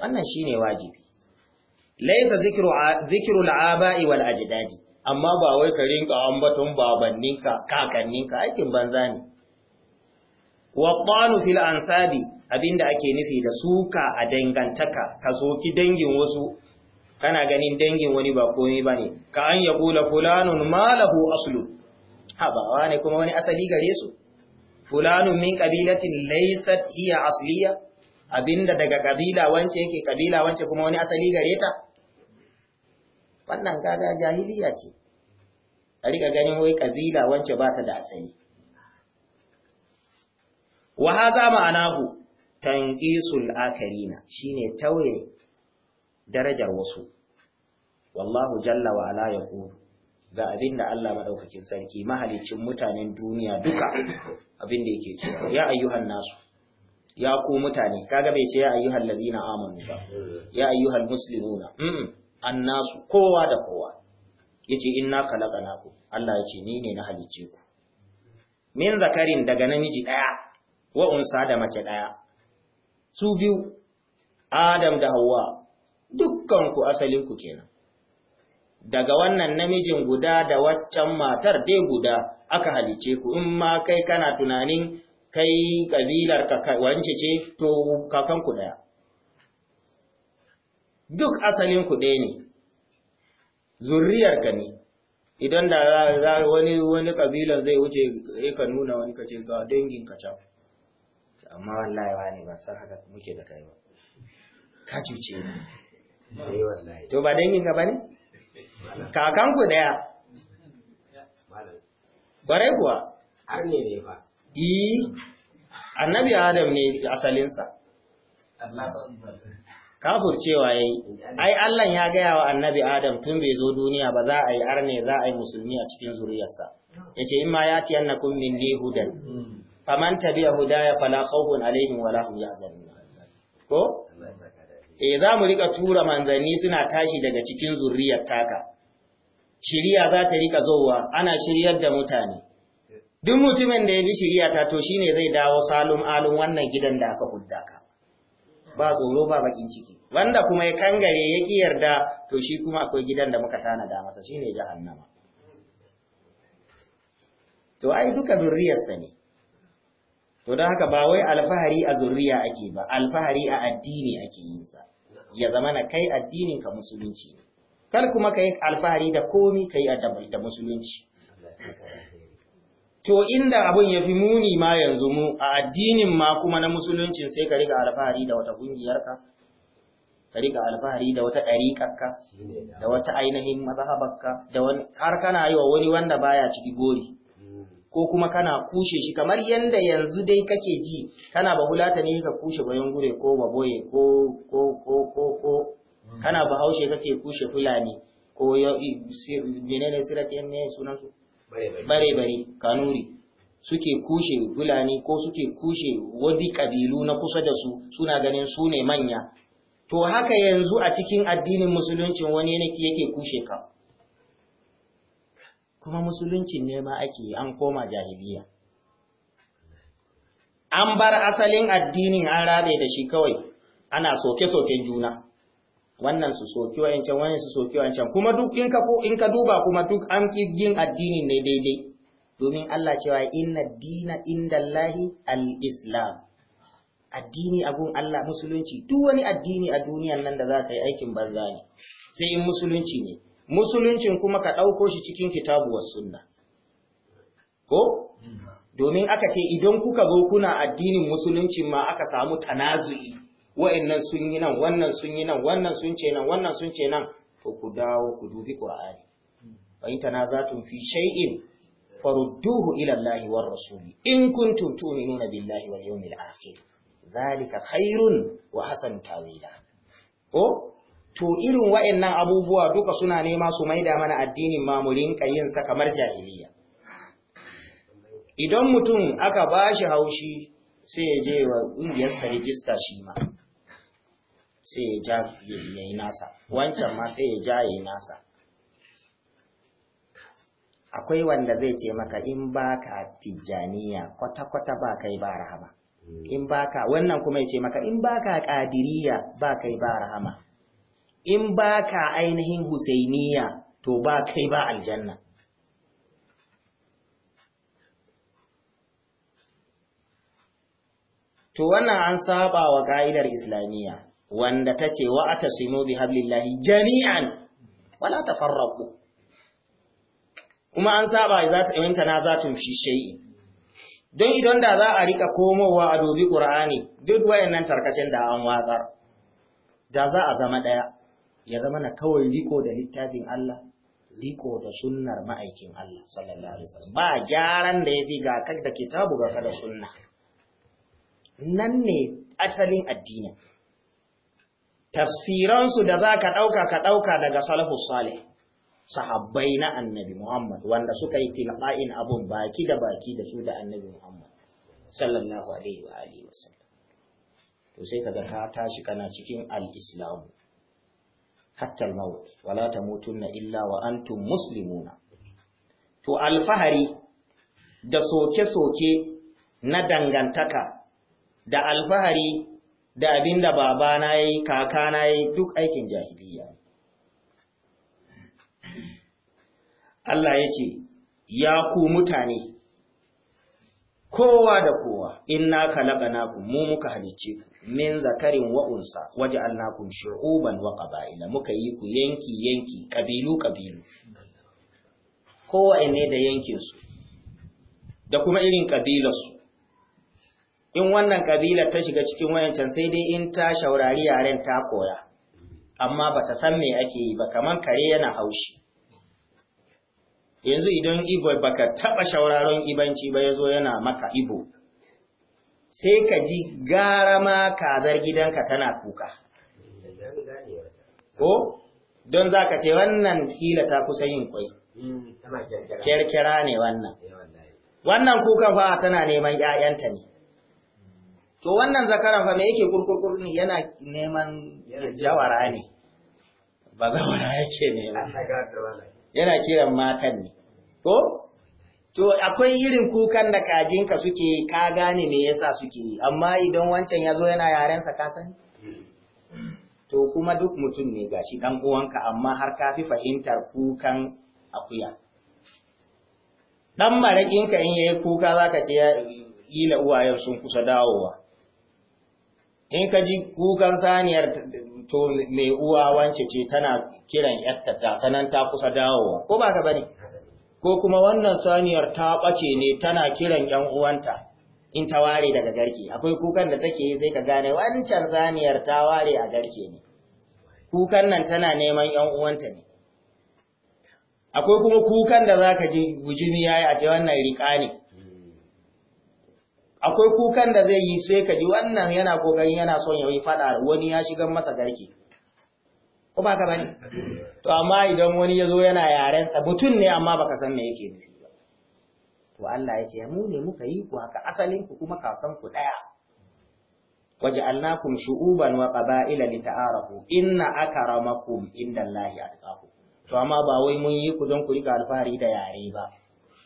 wannan shine wajibi laisa zikru al aba'i wal ajdadi amma ba wai ka rinka ambaton babanninka kakanninka aikin banza ne qanu fil ansabi abinda ake nufi da suka a dangantaka ka ki dangin wasu kana ganin dangin wani ba komai bane ka an yaqula fulanun malahu aslu haba ba wani kuma wani asali gare su fulanun min kabilatin laysat hiya asliya abinda daga kabila wance yake kabila wance kuma wani asali gare wannan gaga jahiliya ce a rika ganin wai ƙabila wance ba ta da asali wa hadha ma'anahu tanqisul akarina shine tauye darajar wasu wallahu jalla wa ala yaqulu ga abin da Allah maɗaukakin sarki mahalicin mutanen duniya duka abin da yake cewa ya ayyuhan nasu ya ku mutane kaga bai ce ya ayyuhan lazina amanu ba ya ayyuhan muslimuna an nasu kowa da kowa yace inna khalaqnakum Allah yace ni ne na halicce ku min zakarin daga namiji daya wa unsa da mace daya su biyu Adam da Hawwa dukkan ku asalin ku kenan daga wannan namijin guda da waccan matar dai guda aka halice ku in ma kai kana tunanin kai kabilar ka wance ce to kakan ku daya duk asalin ku ɗaya ne zurriyar ka ne idan da za wani wani kabilar zai wuce ka nuna wani kace ga dangin ka can amma wallahi wani ba san haka muke da kai ba ka cuce ni eh, to ba dangin ka bane kakanku daya bare kuwa har ne ne yi annabi adam ne asalinsa kafur cewa ya yi ai allan ya gaya wa annabi adam tun bai zo duniya ba za a yi arne za a yi musulmi a cikin zuriyarsa ya ce in ma ya tiyan na kun min hudan hmm. faman tabi'a ya fala khawfun alaihim wala ya zari ko eh za mu rika tura manzanni suna tashi daga cikin zuriyar taka shirya za ta rika zowa ana shiryar da mutane duk mutumin da ya bi shirya ta to shi ne zai dawo salon alun wannan gidan da aka hudda ka ba tsoro ba bakin ciki wanda kuma ya kangare ya ki yarda to shi kuma akwai gidan da muka tanada masa shine jahannama to ai duka zurriyarsa ne to don haka ba wai alfahari a zurriya ake ba alfahari a addini ake yinsa, ya zama na kai addinin ka musulunci kar kuma ka yi alfahari da komi ka yi da musulunci to inda abun ya fi muni ma yanzu mu a addinin ma kuma na musuluncin sai ka riga alfahari da wata ƙungiyarka ka riga alfahari da wata ɗariƙarka da wata ainihin mazhabarka da wani har kana yi wa wani wanda baya ciki gori ko kuma kana kushe shi kamar yadda yanzu dai kake ji kana ba hulata ne ka kushe bayan gure ko baboye ko ko ko kana bahaushe kake kushe fulani ko menene sirati ne sunan su bare bare kanuri suke kushe fulani ko suke kushe wadi kabilu na kusa da su suna ganin su ne manya to haka yanzu a cikin addinin musuluncin wani yanki yake kushe ka kuma musuluncin ne ma ake an koma jahiliya an bar asalin addinin an rabe da shi kawai ana soke-soken juna wannan su soki wa'ancan wannan su soki wa'ancan kuma duk in ka in ka duba kuma duk an yin addini ne daidai domin Allah cewa inna dina indallahi al-islam addini abun Allah musulunci duk wani addini a duniyar nan da zaka yi aikin banza ne sai in musulunci ne musuluncin kuma ka ɗauko shi cikin kitabuwar sunna ko mm-hmm. domin aka ce idan kuka zo kuna addinin musulunci ma aka samu tanazu'i wa'annan sun yi nan wannan sun yi nan wannan sun ce nan wannan sun ce nan to ku dawo ku dubi qur'ani fa in tun fi shay'in farudduhu ila Allahi war rasuli in kuntum tu'minuna billahi wal yawmil akhir zalika khairun wa hasan tawila ko to irin wa'annan abubuwa duka suna nema su maida mana addinin mamurin kayin sa kamar jahiliya idan mutum aka bashi haushi sai ya je wa ƙungiyarsa rijista shi ma sai ya ja ya yi nasa wancan ma sai ya ja ya yi nasa akwai wanda zai ce maka in ba ka tijjaniya kwata-kwata ba kai ba rahama in ba ka wannan kuma ya ce maka in ba ka kadiriya ba kai ba rahama in ba ka ainihin husainiya to ba kai ba aljanna to wannan an saba wa ka'idar islamiyya wanda ta ce wa aka simo bi hablillahi jami'an wala ta farraku kuma an saba za ta na za ta shi shay'i don idan da za a rika komowa a dobi qur'ani duk wayannan tarkacin da an watsar da za a zama ɗaya, ya zama na kawai riko da littafin Allah riko da sunnar ma'aikin Allah sallallahu alaihi wasallam ba gyaran da yafi ga kai da kitabu ga kada sunna nan ne asalin addinin tafsiransu da za ka ɗauka ka ɗauka daga salafus salih sahabbai na annabi Muhammad wanda suka yi tilqa'in abun baki da baki da su da annabi Muhammad sallallahu alaihi wa alihi wasallam to sai kaga ka tashi kana cikin al-islam hatta al-maut wala tamutunna illa wa antum muslimuna to alfahari da soke-soke na dangantaka da alfahari da abin da babana ya yi kakana ya yi duk aikin jahiliya Allah ya ce ya ku mutane kowa da kowa inna naku, mu muka halicce ku min zakarin wa unsa waj'alnakum shu'uban wa qaba'ila muka yi ku yanki yanki ƙabilu kabilu kowa ne da yankinsu, da kuma irin ƙabilarsu. in wannan kabilar ta shiga cikin wayancan sai dai in ta shaurari yaren ta koya amma ba ta san me ake yi ba kamar kare yana haushi yanzu idan ibo baka taba shauraron ibanci ba yazo yana maka ibo sai ka ji gara ma kazar gidanka tana kuka ko don za ka ce wannan hila ta kusa yin kwai hmm, kyarkyara ne wannan eh, wannan kukan fa tana neman 'ya'yanta ne to wannan zakaran fa me yake kurkurkur ne yana neman jawara ne ba zawara yake ne. yana kiran matan ne ko to akwai irin kukan da kajinka suke ka gane me yasa suke amma idan wancan ya zo yana yarensa ka sani to kuma duk mutum ne ga shi dan uwanka amma har ka fi fahimtar kukan akuya dan maraƙinka in yayi kuka zaka ce ila uwayen sun kusa dawowa in ka ji kukan saniyar to mai uwa wance ce tana kiran yatta ta sanan ta kusa dawowa ko ba ka bane ko kuma wannan saniyar ta bace ne tana kiran yan uwanta in ta ware daga garke akwai kukan da take yi sai ka gane wancan saniyar ta ware a garke ne kukan nan tana neman yan uwanta ne akwai kuma kukan da zaka ji bujumi yayi a ce wannan riƙa ne akwai kukan da zai yi sai kaji wannan yana kokarin yana son ya yi fada wani ya shigar masa garki. ko ba ka bane to amma idan wani ya zo yana yaren sa mutun ne amma baka san me yake nufi ba to Allah ya mu ne muka yi ku haka asalin ku kuma kakan ku daya waj'alnakum shu'uban wa qaba'ila lita'arafu inna akramakum indallahi atqakum to amma ba wai mun yi ku don ku rika alfahari da yare ba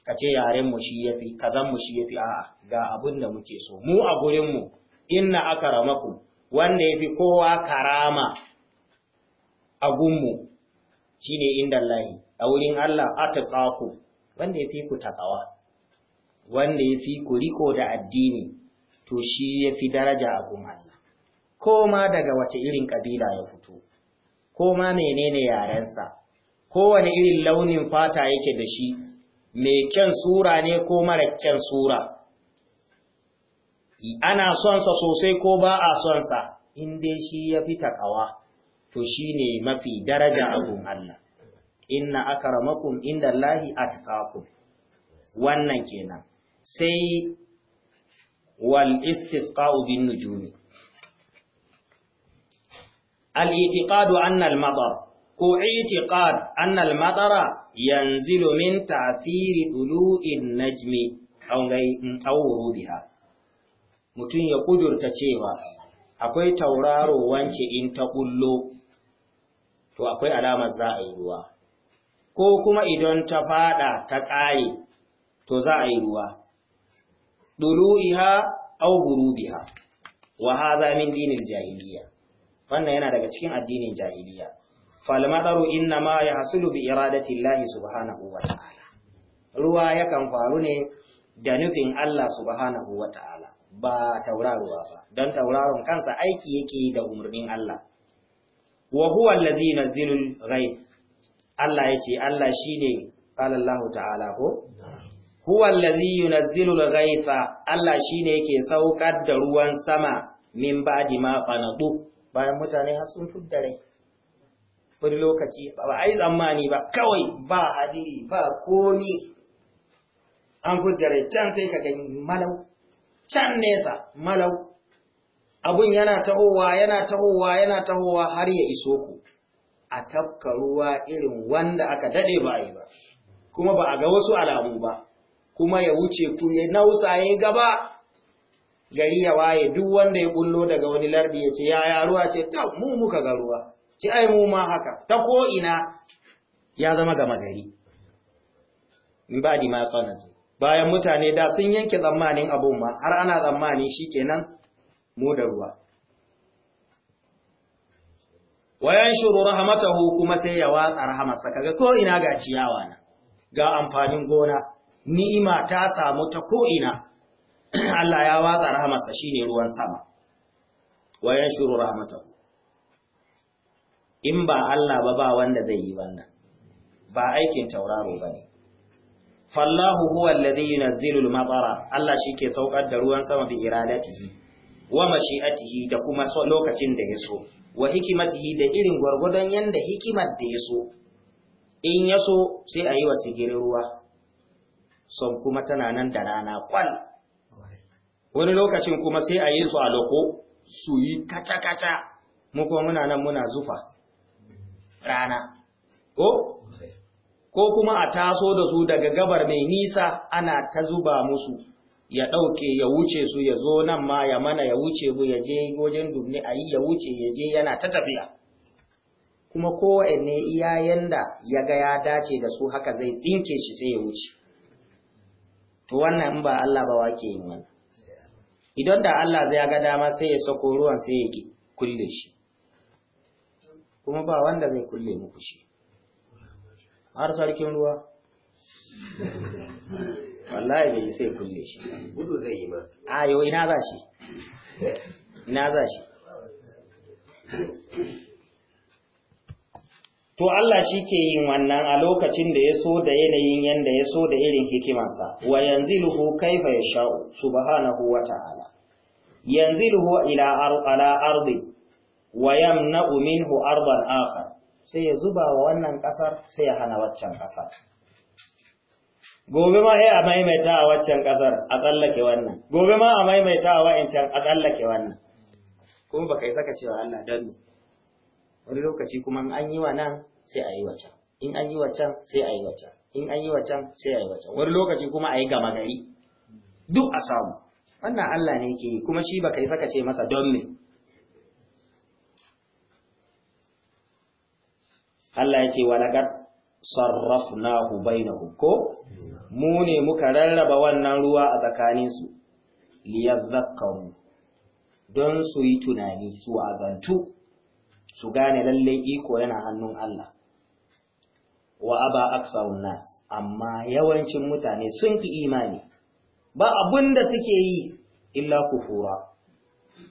ka ce yaren mu shi yafi kazan mu shi yafi a'a ga abin da muke so mu a gurin mu inna ramaku. wanda yafi kowa karama a gunmu shine inda a wurin Allah atqaku wanda yafi ku takawa wanda yafi ku riko da addini to shi yafi daraja a gun Allah ko ma daga wace irin kabila ya fito ko ma menene yarensa kowane irin launin fata yake da shi mai kyan sura ne ko mara kyan sura ana sonsa sosai ko ba a sonsa in dai shi ya fi takawa to shi ne mafi daraja abun Allah inna akaramakum inda Allahi atqakum wannan kenan sai wal istisqa'u bin nujumi al-i'tiqadu anna al-madar ko itiqad annal matara yanzilu min ta'thiri dulu'in najmi aw gai mm, Mutum mutun ya kudurta cewa akwai tauraro wance in ta kullo to akwai alamar za a yi ruwa ko kuma idan ta fada ta kare to za a yi ruwa dulu'iha aw gurubiha wa hadha min dinil jahiliya wannan yana daga cikin addinin jahiliya falmadaru inna ma ya hasulu bi iradati Allah subhanahu wa ta'ala ruwa yakan faru ne da nufin Allah subhanahu wa ta'ala ba tauraruwa ba don tauraron kansa aiki yake da umarnin Allah wa huwa allazi nazzilul ghaib Allah yace Allah shine qala Allah ta'ala ko huwa allazi yunazzilul ghaifa Allah shine yake saukar da ruwan sama min ba'di ma qanatu bayan mutane har sun fuddare wani lokaci ba a yi zamani ba kawai ba hadiri ba komi an kujjare can sai ka gani malau can nesa malau abun yana tahowa yana tahowa yana tahowa har ya iso ku a tafka ruwa irin wanda aka dade ba yi ba kuma ba a ga wasu alamu ba kuma ya wuce ku ya nausa ya gaba gari ya waye duk wanda ya bullo daga wani lardi ya ce ya ruwa ce ta mu muka ga ruwa ci ai mu ma haka ta ko ina ya zama gama gari in ba di ma tsana bayan mutane da sun yanke tsammanin abun ma har ana tsammani shikenan mu da ruwa wayan shuru rahmatahu kuma sai ya watsa rahmatsa kaga ko ina ga ciyawa na ga amfanin gona ni'ima ta samu ta ko ina Allah ya watsa rahmatsa shine ruwan sama wayan shuru rahmatahu in ba Allah ba ba wanda zai yi wannan ba aikin tauraro ba ne fallahu huwa alladhi yunazzilu matara Allah shike saukar da ruwan sama bi iradatihi wa mashi'atihi da kuma lokacin da yaso wa hikimatihi da irin gwargwadon yanda hikimar da yaso in yaso sai a yi wa sigiri ruwa son kuma tana nan da rana kwal wani lokacin kuma sai a yi su a loko su yi kaca kaca mu muna nan muna zufa rana ko ko kuma a taso da su daga gabar mai nisa ana ta zuba musu ya ɗauke ya wuce su ya zo nan ma ya mana ya wuce bu ya je wajen dumne a yi ya wuce ya je yana ta tafiya kuma kowanne iya da ya ga ya dace da su haka zai tsinke shi sai ya wuce to wannan in ba Allah ba wake yin wannan idan da Allah zai ga dama sai ya sako ruwan sai ya kulle shi kuma ba wanda zai kulle muku shi har sarkin ruwa wallahi bai sai kulle shi gudu zai yi ba a yau ina za shi ina za shi to Allah shi ke yin wannan a lokacin da ya so da yanayin yanda ya so da irin hikimarsa wa yanziluhu ya yasha'u subhanahu wa ta'ala luhu ila ala ardi wa yamna'u minhu arban akhar sai ya zuba wa wannan kasar sai ya hana waccan kasar gobe ma ya eh maimaita a waccan kasar a tsallake wannan gobe ma a maimaita a wa'ancan a tsallake wannan kuma baka yi saka cewa Allah dan ne. wani lokaci kuma an yi wa nan sai a yi can; in an yi can, sai a yi can; in an yi can, sai a yi can; wani lokaci kuma a yi gama gari duk a samu wannan Allah ne ke yi kuma shi baka yi saka ce masa don me Allah ya ce wa laqad sarrafnahu bainahum ko mu ne muka rarraba wannan ruwa a tsakanin su liyadhakkaru don su yi tunani su azantu su gane lalle iko yana hannun Allah wa aba aksarun nas amma yawancin mutane sun ki imani ba abinda suke yi illa kufura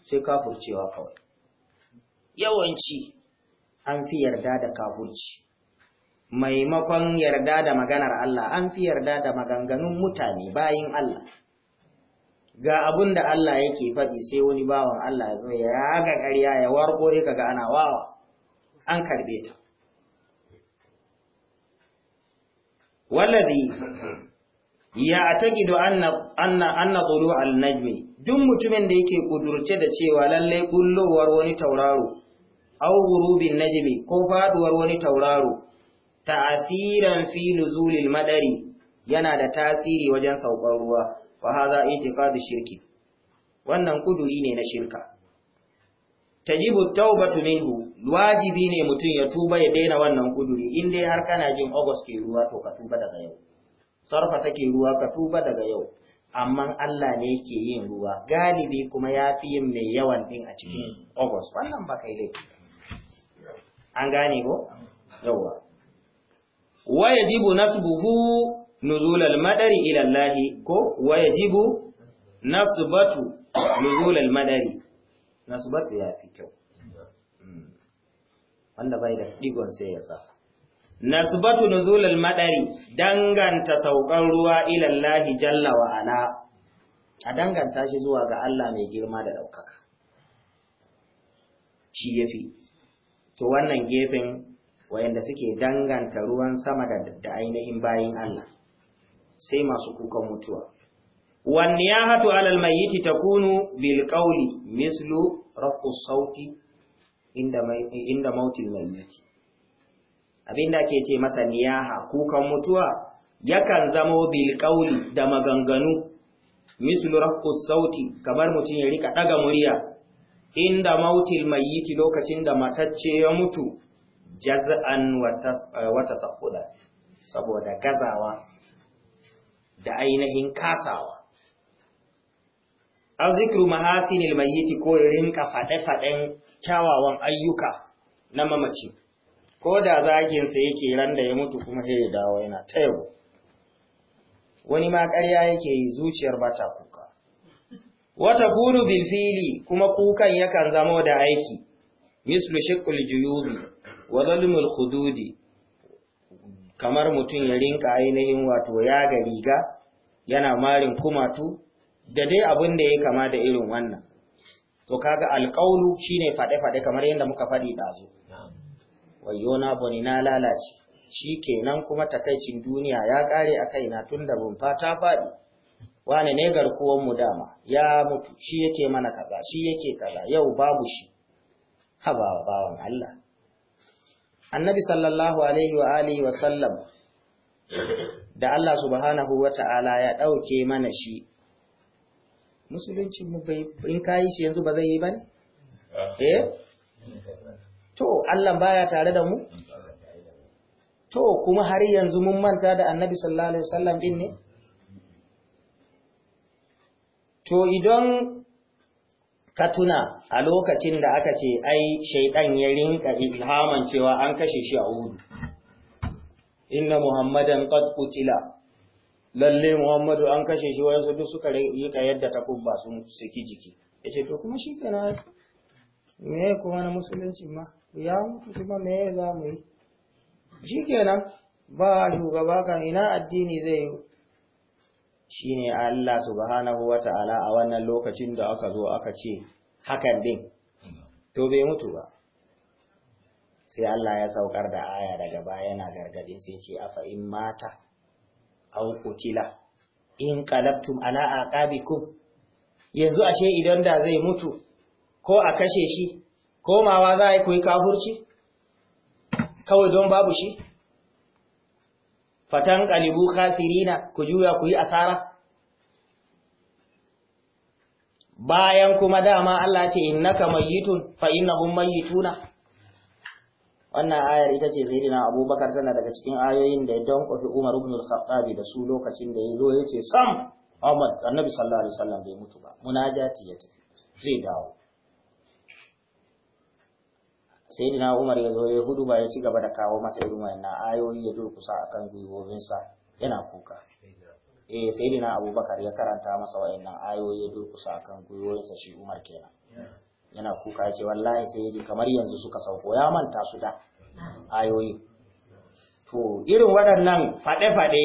sai kafurcewa kawai yawanci an fi yarda da kafurci maimakon yarda da maganar Allah an fi yarda da maganganun mutane bayin Allah ga abun da Allah yake faɗi sai wani bawan Allah zo ya ga ƙarya ya warko ya kaga ana wawa an karbe ta wallazi ya atakidu anna anna anna al-najmi duk mutumin da yake kudurce da cewa lallai kullowar wani tauraro aw ghurubin najmi ko faduwar wani tauraro ta'asiran fi nuzulil madari yana da tasiri wajen saukar ruwa fa hadha i'tiqadu shirki wannan kuduri ne na shirka tajibu taubatu minhu wajibi ne mutum ya tuba ya daina wannan kuduri in dai har kana jin August ke ruwa to ka tuba daga yau sarfa take ruwa ka tuba daga yau amma Allah ne ke yin ruwa galibi kuma ya fi yin mai yawan din a cikin August hmm. wannan ba kai laifi an gane ko yawa wa yajibu nasbuhu nuzul al-madari ila Allah ko wa yajibu nasbatu nuzul al-madari nasbatu ya fi kyau hmm. wanda bai da digon sai ya sa nasbatu nuzul al-madari danganta saukan ruwa ila Allah jalla wa ala a danganta shi zuwa ga Allah mai girma da daukaka shi yafi to wannan gefen wayanda suke danganta ruwan sama da da ainihin bayin Allah sai masu kukan mutuwa wan niyahatu alal mayyiti takunu bil qawli mislu rafu sauti inda inda mautil mayyiti abinda ake ce masa niyaha kukan mutuwa yakan zamo bil qawli da maganganu mislu rafu sauti kamar mutun ya rika daga murya inda mautil mayiti lokacin da matacce ya mutu jaz'an wata eh, saboda saboda gazawa da ainihin kasawa azikru mahasinil mayiti ko rinka faɗe-faɗen kyawawan ayyuka na mamaci ko da zaginsa yake ran da ya mutu kuma sai ya dawo yana ta yabo wani ma ƙarya yake yi zuciyar bata ku wata kunu bil fili kuma kukan yakan zama da aiki mislu shiqqul juyubi wa zalmul khududi kamar mutum ya rinka ainihin wato ya ga riga yana marin kumatu da dai abin da ya kama da irin wannan to kaga alqaulu shine fade-fade kamar yadda muka fadi dazu wayyo na boni na lalace shikenan kuma takaicin duniya ya kare a kaina tunda bumfa ta fadi wane ne garkuwan mu dama ya mutu shi yake mana kaza shi yake kaza yau babu shi haba bawan Allah annabi sallallahu alaihi wa alihi wa sallam da Allah subhanahu wa ta'ala ya dauke mana shi musulunci mu bai in kai shi yanzu ba zai yi ba ne? eh to Allah baya tare da mu to kuma har yanzu mun manta da annabi sallallahu alaihi wasallam din ne to idan ka tuna a lokacin da aka ce ai shaidan ya rinka ilhaman cewa an kashe shi a hudu inna muhammadan qad qutila lalle muhammadu an kashe shi wayansu duk suka rika yadda ta kubba sun saki jiki yace to kuma shi kana me kuma na musulunci ma ya mutu kuma me za mu yi shikenan ba shugaba kan ina addini zai yi? Shi ne Allah subhanahu wata'ala a wannan lokacin da aka zo aka ce hakan din to bai mutu ba sai Allah ya saukar da aya daga baya yana gargadin sai ce afa in mata aw qutila in qalabtum ala yanzu ashe idan da zai mutu ko a kashe shi komawa za a yi kuyi kafurci kawai don babu shi fatan ƙalibu kasirina ku juya ku yi asara bayan kuma dama Allah ce innaka mayyitun fa innahum mayyituna wannan ayar ita ce sayyidina Abubakar tana daga cikin ayoyin da ya kofi Umar ibn al khattabi da su lokacin da ya zo ya ce sam Ahmad annabi sallallahu alaihi wasallam bai mutu ba munajati ya tafi zai dawo sai na umar ya zo ya hudu ba ya ci gaba da kawo masa irin wannan ayoyi ya durkusa akan gwiwowinsa yana kuka eh sai na abubakar ya karanta masa wa'annan ayoyi ya durkusa akan gwiwowinsa shi umar kenan yana kuka ya ce wallahi sai ya ji kamar yanzu suka sauko ya manta su da ayoyi to irin waɗannan faɗe-faɗe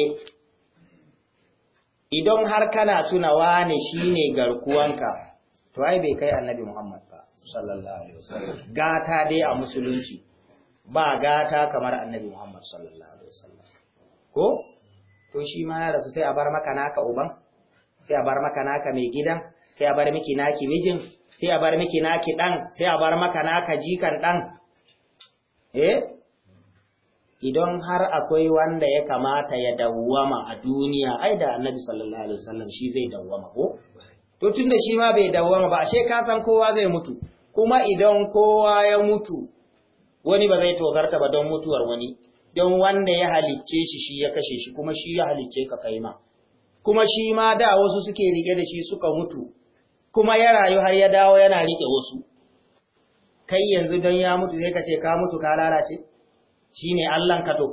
idan har kana tuna wane shine garkuwanka to ai bai kai annabi muhammad sallallahu alaihi wasallam gata dai a musulunci ba gata kamar annabi Muhammad sallallahu alaihi wasallam ko to shi ma ya rasu sai a bar maka naka uban sai a bar maka naka mai gidan sai a bar miki naki mijin sai a bar miki naki dan sai a bar maka naka jikan dan eh idan har akwai wanda ya kamata ya dawwama a duniya ai da annabi sallallahu alaihi wasallam shi zai dawwama ko to tunda shi ma bai dawwama ba ashe ka san kowa zai mutu kuma idan kowa ya mutu wani ba zai togarta ba don mutuwar wani don wanda ya halicce shi shi ya kashe shi kuma shi ya halicce ka kai ma kuma shi ma da wasu suke rike da shi suka mutu kuma ya rayu har ya dawo yana rike wasu kai yanzu don ya mutu zai ka ce ka mutu ka lalace shi ne Allahn ka to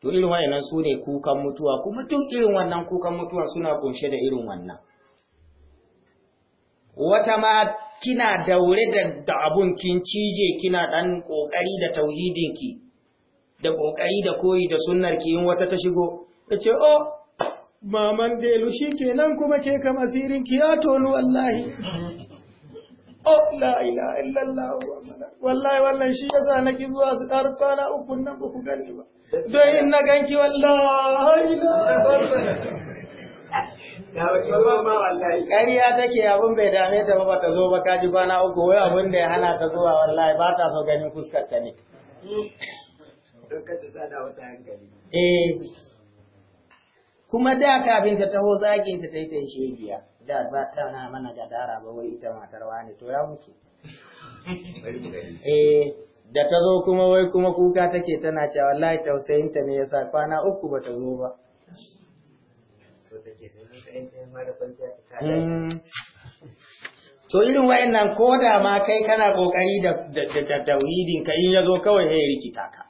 to irin wannan su ne kukan mutuwa kuma duk irin wannan kukan mutuwa suna kunshe da irin wannan wata ma kina daure da abun kin cije kina dan kokari da tauhidinki da kokari da koyi da sunnarki in wata ta shigo ta ce oh maman delu shikenan kuma ke kam asirin ki ya tonu wallahi oh la ilaha illallah wallahi wannan shi yasa naki zuwa su dar kwana uku nan ba ku gani ba dai in na ganki wallahi la ƙarya take abin bai dame ta ba ta zo ba ka ji kwana uku wai abin da ya hana ta zuwa wallahi ba ta so ganin fuskar ta ne eh kuma da kafin ta taho zagin ta taita tai shegiya da ba ta na mana gadara ba wai ita matar wani to ya mutu eh da ta zo kuma wai kuma kuka take tana cewa wallahi tausayinta ne yasa kwana uku ba ta zo ba Hmm. To irin wayannan ko da ma kai kana kokari da tauhidin kai in yazo kawai sai rikita ka.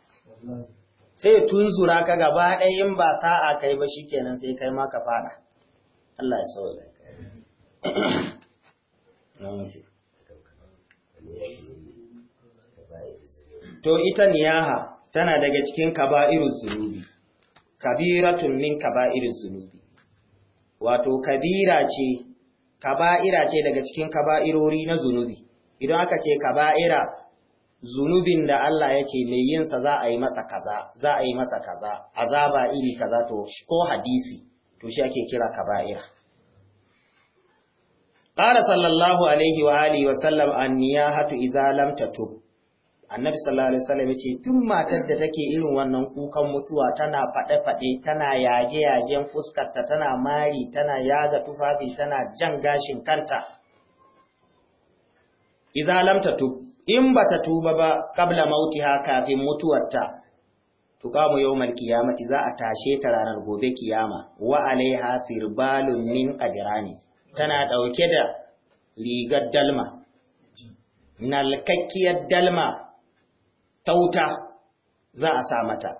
Sai tunzura ka gaba ɗaya in ba sa'a kai ba shikenan sai kai ma ka fada. Allah ya sauya. To ita niyaha tana daga cikin kaba'irul zunubi. Kabiratun min kaba'iru zunubi. wato kabira ce kaba'ira ce daga cikin kaba'irori na zunubi idan aka ce kaba'ira zunubin da Allah ya ce mai yinsa za a yi masa kaza za a yi masa kaza azaba iri kaza to ko hadisi to shi ake kira kaba'ira qala sallallahu alaihi wa wa sallam an-niyahatu idza lam tatub annabi sallallahu alaihi wasallam ya ce tun matar da take irin wannan kukan mutuwa tana faɗe-faɗe tana yage-yagen fuskarta tana mari tana yaga tufafi tana jan gashin kanta idza lam tatu in bata tuba ba mauti mautiha kafin mutuwarta tuqamu yawmal qiyamati za a tashe ta ranar gobe kiyama wa alaiha sirbalun min qadrani tana dauke da rigar dalma nalkakkiyar dalma tauta za a sa mata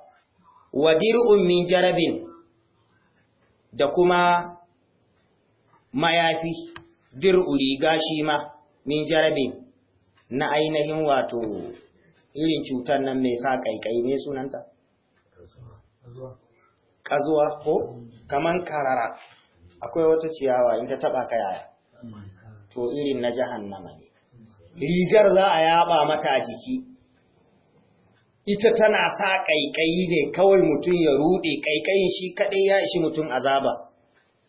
wadir'un min jarabin da kuma mayafi dir'u riga shi ma min jarabin na ainihin wato irin cutar nan mai sa kaikai ne sunanta kazuwa ko kaman karara akwai wata ciyawa in ta taba ka yaya to irin na jahannama ne rigar za a yaba mata jiki ita tana sa ƙaiƙayi ne kawai mutum ya ruɗe ƙaiƙayin shi kaɗai ya ishi mutum azaba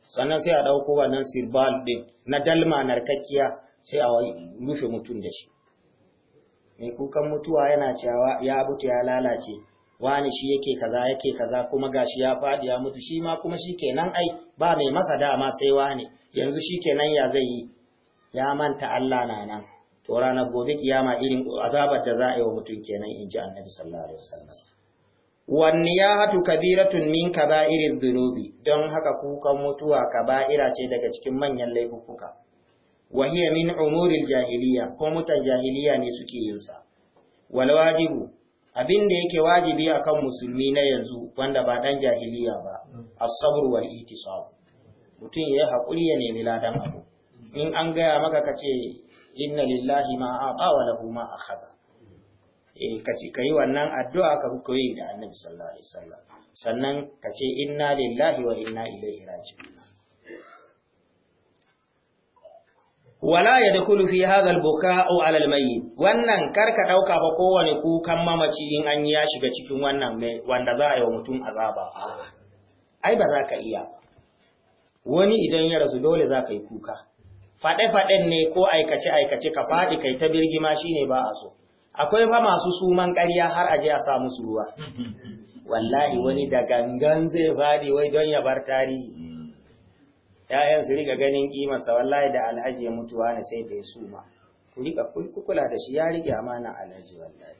sannan sai a ɗauko wannan sirbal ɗin na dalma narkakkiya sai a rufe mutum da shi mai kukan mutuwa yana cewa ya butu ya lalace wani shi yake kaza yake kaza kuma gashi ya faɗi ya mutu shi ma kuma shi kenan ai ba mai masa dama sai wani yanzu shi kenan ya zai yi ya manta Allah na nan to ranar gobe kiyama irin azabar da za a yi wa mutum kenan in ji annabi sallallahu alaihi wasallam hatu kabiratun min kaba'irin dhunubi don haka kukan mutuwa kaba'ira ce daga cikin manyan laifuka hiya min umuril jahiliya ko mutan jahiliya ne suke yin sa wal wajibu abin da yake wajibi akan musulmi na yanzu wanda ba dan jahiliya ba as-sabr wal ihtisab mutum yayi hakuri ya nemi ladan abu in an gaya maka kace inna lillahi ma aqa wa lahu ma akhadha eh kace kai wannan addu'a ka koyi da annabi sallallahu alaihi wasallam sannan kace inna lillahi wa inna ilaihi raji'un wala yadkhulu fi hadha al 'ala almayyit mayyit wannan karka dauka fa kowane kukan mamaci in an ya shiga cikin wannan mai wanda za a yi wa mutum azaba ai ba za ka iya wani idan ya rasu dole za ka yi kuka faɗe-faɗen ne ko aikace-aikace ka faɗi kai ta birgima shine ba a so akwai ba masu suman ƙarya har aje a samu su ruwa wallahi wani da gangan zai faɗi wai don ya bar tarihi hmm. ‘ya'yan su riga ganin ƙimarsa wallahi da alhaji ya mutuwa ne sai da ya suma ku riga kula da shi ya rike amana alhaji wallahi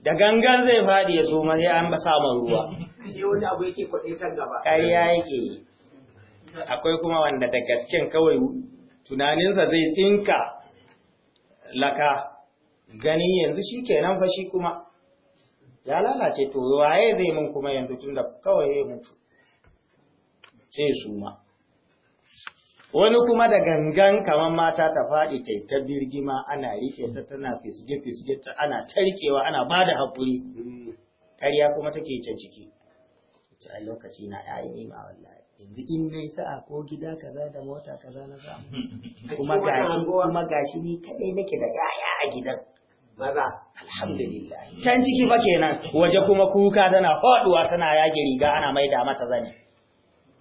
da gangan zai faɗi ya suma sai an ba samun ruwa Shi wani abu yake kwaɗe can gaba ƙarya yake yi akwai kuma wanda da gasken kawai tunaninsa zai tsinka laka gani yanzu shi ke fa shi kuma ya lalace to waye zai mun kuma yanzu tunda kawai ya mutu sai su ma wani kuma da gangan kamar mata ta faɗi ta ta birgima ana rike ta tana fisge fisge ta ana tarkewa ana bada hakuri mm. Karya kuma take ta ciki ta lokaci na yayi nima wallahi yanzu in na yi sa'a ko gida kaza da mota kaza na samu kuma gashi kuma gashi ni kadai nake da yaya a gidan maza alhamdulillah hmm. can ciki fa kenan waje kuma kuka tana faduwa tana yage riga ana maida mata zani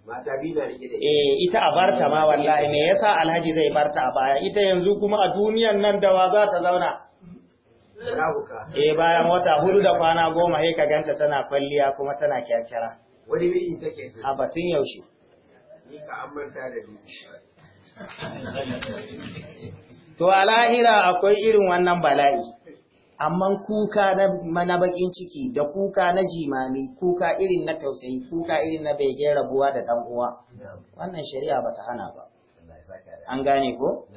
mata bi na rike da eh ita a barta ma wallahi me yasa alhaji zai barta a baya ita yanzu kuma a duniyan nan da wa za ta zauna Eh bayan wata hudu da kwana goma sai ka ganta tana kwalliya kuma tana kyakkyara. Wani miji take so. A batun yaushe. Ni ka da ni. To a lahira akwai irin wannan bala'i, amma kuka na bakin ciki da kuka na jimami, kuka irin na tausayi, kuka irin na begen rabuwa da ɗan'uwa, uwa. Wannan shari'a ba ta hana ba. An gane ko?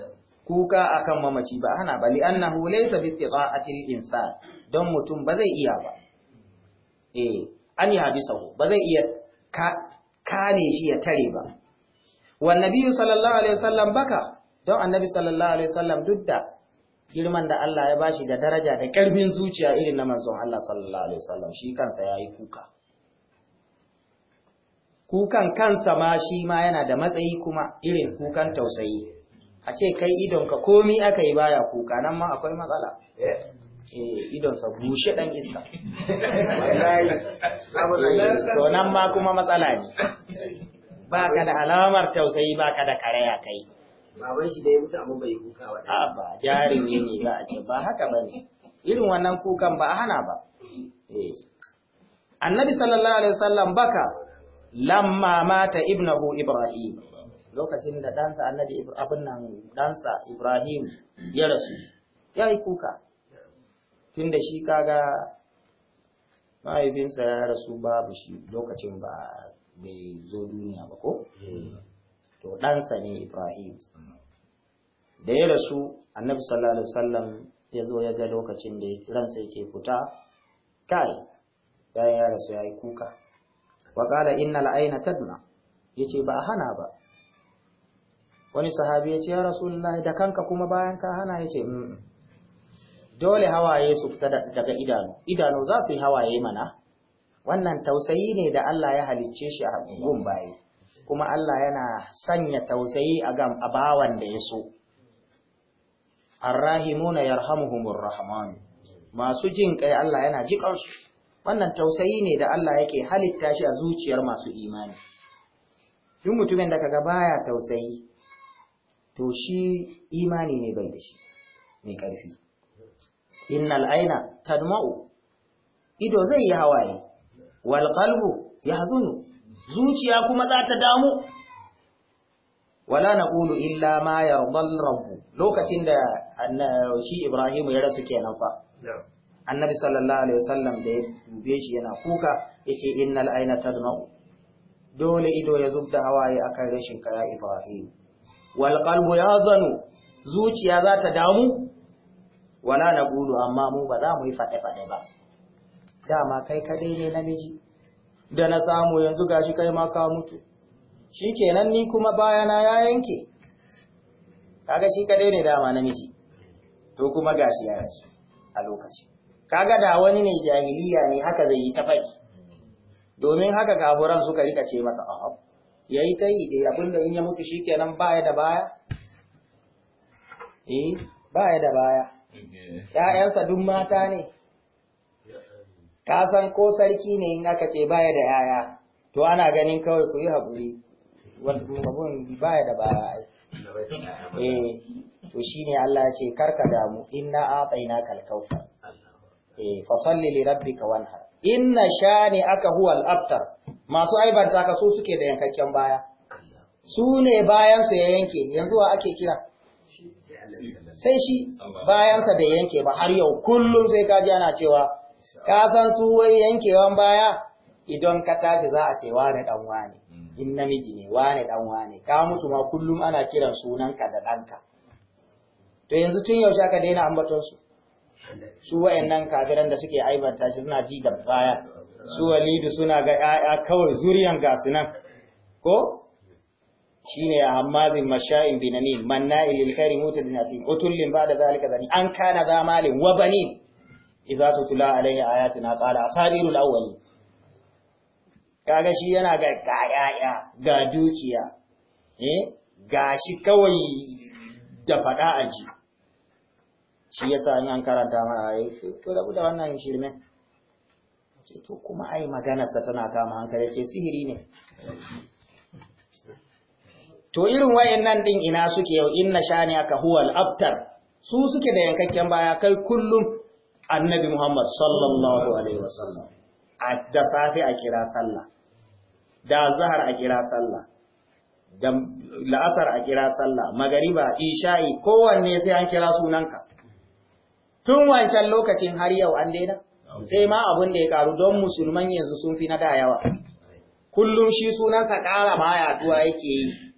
Kuka akan mamaci ba hana ba, li'annahu laysa bi istita'atil insan, don mutum ba zai iya ba. Eh, an yahbisahu ba zai iya kame shi ya tare ba wan nabiyyu sallallahu alaihi wasallam baka don annabi sallallahu alaihi wasallam duk da girman da Allah ya bashi da daraja da ƙarfin zuciya irin na manzon Allah sallallahu alaihi wasallam shi kansa yayi kuka kukan kansa ma shi ma yana da matsayi kuma irin kukan tausayi a ce kai idonka komi aka yi baya kuka nan ma akwai matsala eh. Eh, idonsa bushe ɗan iska to nan ma kuma matsala ne ba ka da alamar tausayi ba ka da karaya kai baban shi da ya mutu amma bai kuka ba a ah, ba jarumi ne ba a ce ba haka ba ne irin wannan kukan ba a hana ba eh. annabi sallallahu alaihi wasallam baka lamma mata ibnahu ibrahim lokacin da dansa annabi abin nan dansa ibrahim ya rasu ya yi kuka tunda shi kaga mahaifinsa ya rasu babu shi lokacin ba bai zo duniya ba ko to ɗansa ne ibrahim da ya rasu annabi sallallahu alaihi wasallam ya zo ya ga lokacin da ransa yake fita kai ya ya rasu ya yi kuka wa qala innal ayna tadma yace ba a hana ba wani sahabi ya ce ya rasulullah da kanka kuma bayan ka hana yace mm dole hawaye su fita daga idanu idanu za su yi hawaye mana wannan tausayi ne da Allah ya halicce shi a gun baye kuma Allah yana sanya tausayi a gam abawan da ya so arrahimuna yarhamuhumur rahman masu jin kai Allah yana jikan wannan tausayi ne da Allah yake halitta shi a zuciyar masu imani duk mutumin da kaga baya tausayi to shi imani ne bai da shi mai ƙarfi innal aina tadma'u ido zai yi hawaye wal qalbu yahzunu zuciya kuma za ta damu wala naqulu illa ma yardal rabb lokacin da shi Ibrahim ya rasu kenan fa annabi sallallahu alaihi wasallam da ya dube shi yana kuka yace innal aina tadma'u dole ido ya zubda hawaye akan rashin kaya Ibrahim wal qalbu yahzanu zuciya za ta damu wala na gudu amma mu ba za mu yi faɗe-faɗe ba dama kai kaɗai ne namiji da na samu yanzu gashi kai ma ka mutu shi kenan ni kuma bayana ya yanke kaga shi kaɗai ne dama namiji to kuma gashi ya yi a lokaci kaga da wani ne jahiliya ne haka zai yi ta faɗi domin haka kafuran suka rika ce masa hau. ya yi ta yi abin da in ya mutu shi kenan baya da baya eh baya da baya ‘ya'yansa duk mata ne, ka san ko sarki ne in aka ce baya da ‘ya'ya, to ana ganin kawai ku yi haƙuri, abun baya da baya ai. Eh, to shi ne Allah ya ce, Karka damu, inna a tsaina kalkaufa. Eh, ka li rabbika wanhar. Inna shani aka huwal aftar. masu aibanta ka su suke da yankakken baya. Su ne bayansu ya yanke, yanzu wa ake kira? sai shi bayansa bai yanke ba har yau kullum sai ka ji ana cewa ka san su wai yankewan baya idan ka tashi za a ce wane dan wane hmm. in namiji ne wane dan wane ka mutu ma kullum ana kiran sunanka da danka to yanzu tun yaushe aka daina ambaton su su wayannan kafiran da suke aibanta shi suna ji da baya su walidu suna ga 'ya'ya kawai zuriyan gasu nan ko shine bin masha'in binamin manna'il lil khairi mutadin asim utullin ba'da zalika zani an kana za malin wa banin idza tutla alaihi ayatina qala asarirul awwal kaga shi yana ga kayaya ga dukiya eh gashi kawai da fada aji shi yasa in an karanta mana ayi to rabu da wannan shirme to kuma ai maganarsa tana kama hankali ce sihiri ne to irin nan ɗin ina suke yau inna shani aka huwal abtar su suke da yankakken baya kai kullum annabi Muhammad sallallahu alaihi wasallam da safe a kira sallah da zahar a kira sallah da la'asar a kira sallah magariba isha'i kowanne sai an kira sunanka tun wancan lokacin har yau an daina sai ma abin da ya karu don musulman yanzu sun fi na da yawa kullum shi sunansa ƙara baya tuwa yake yi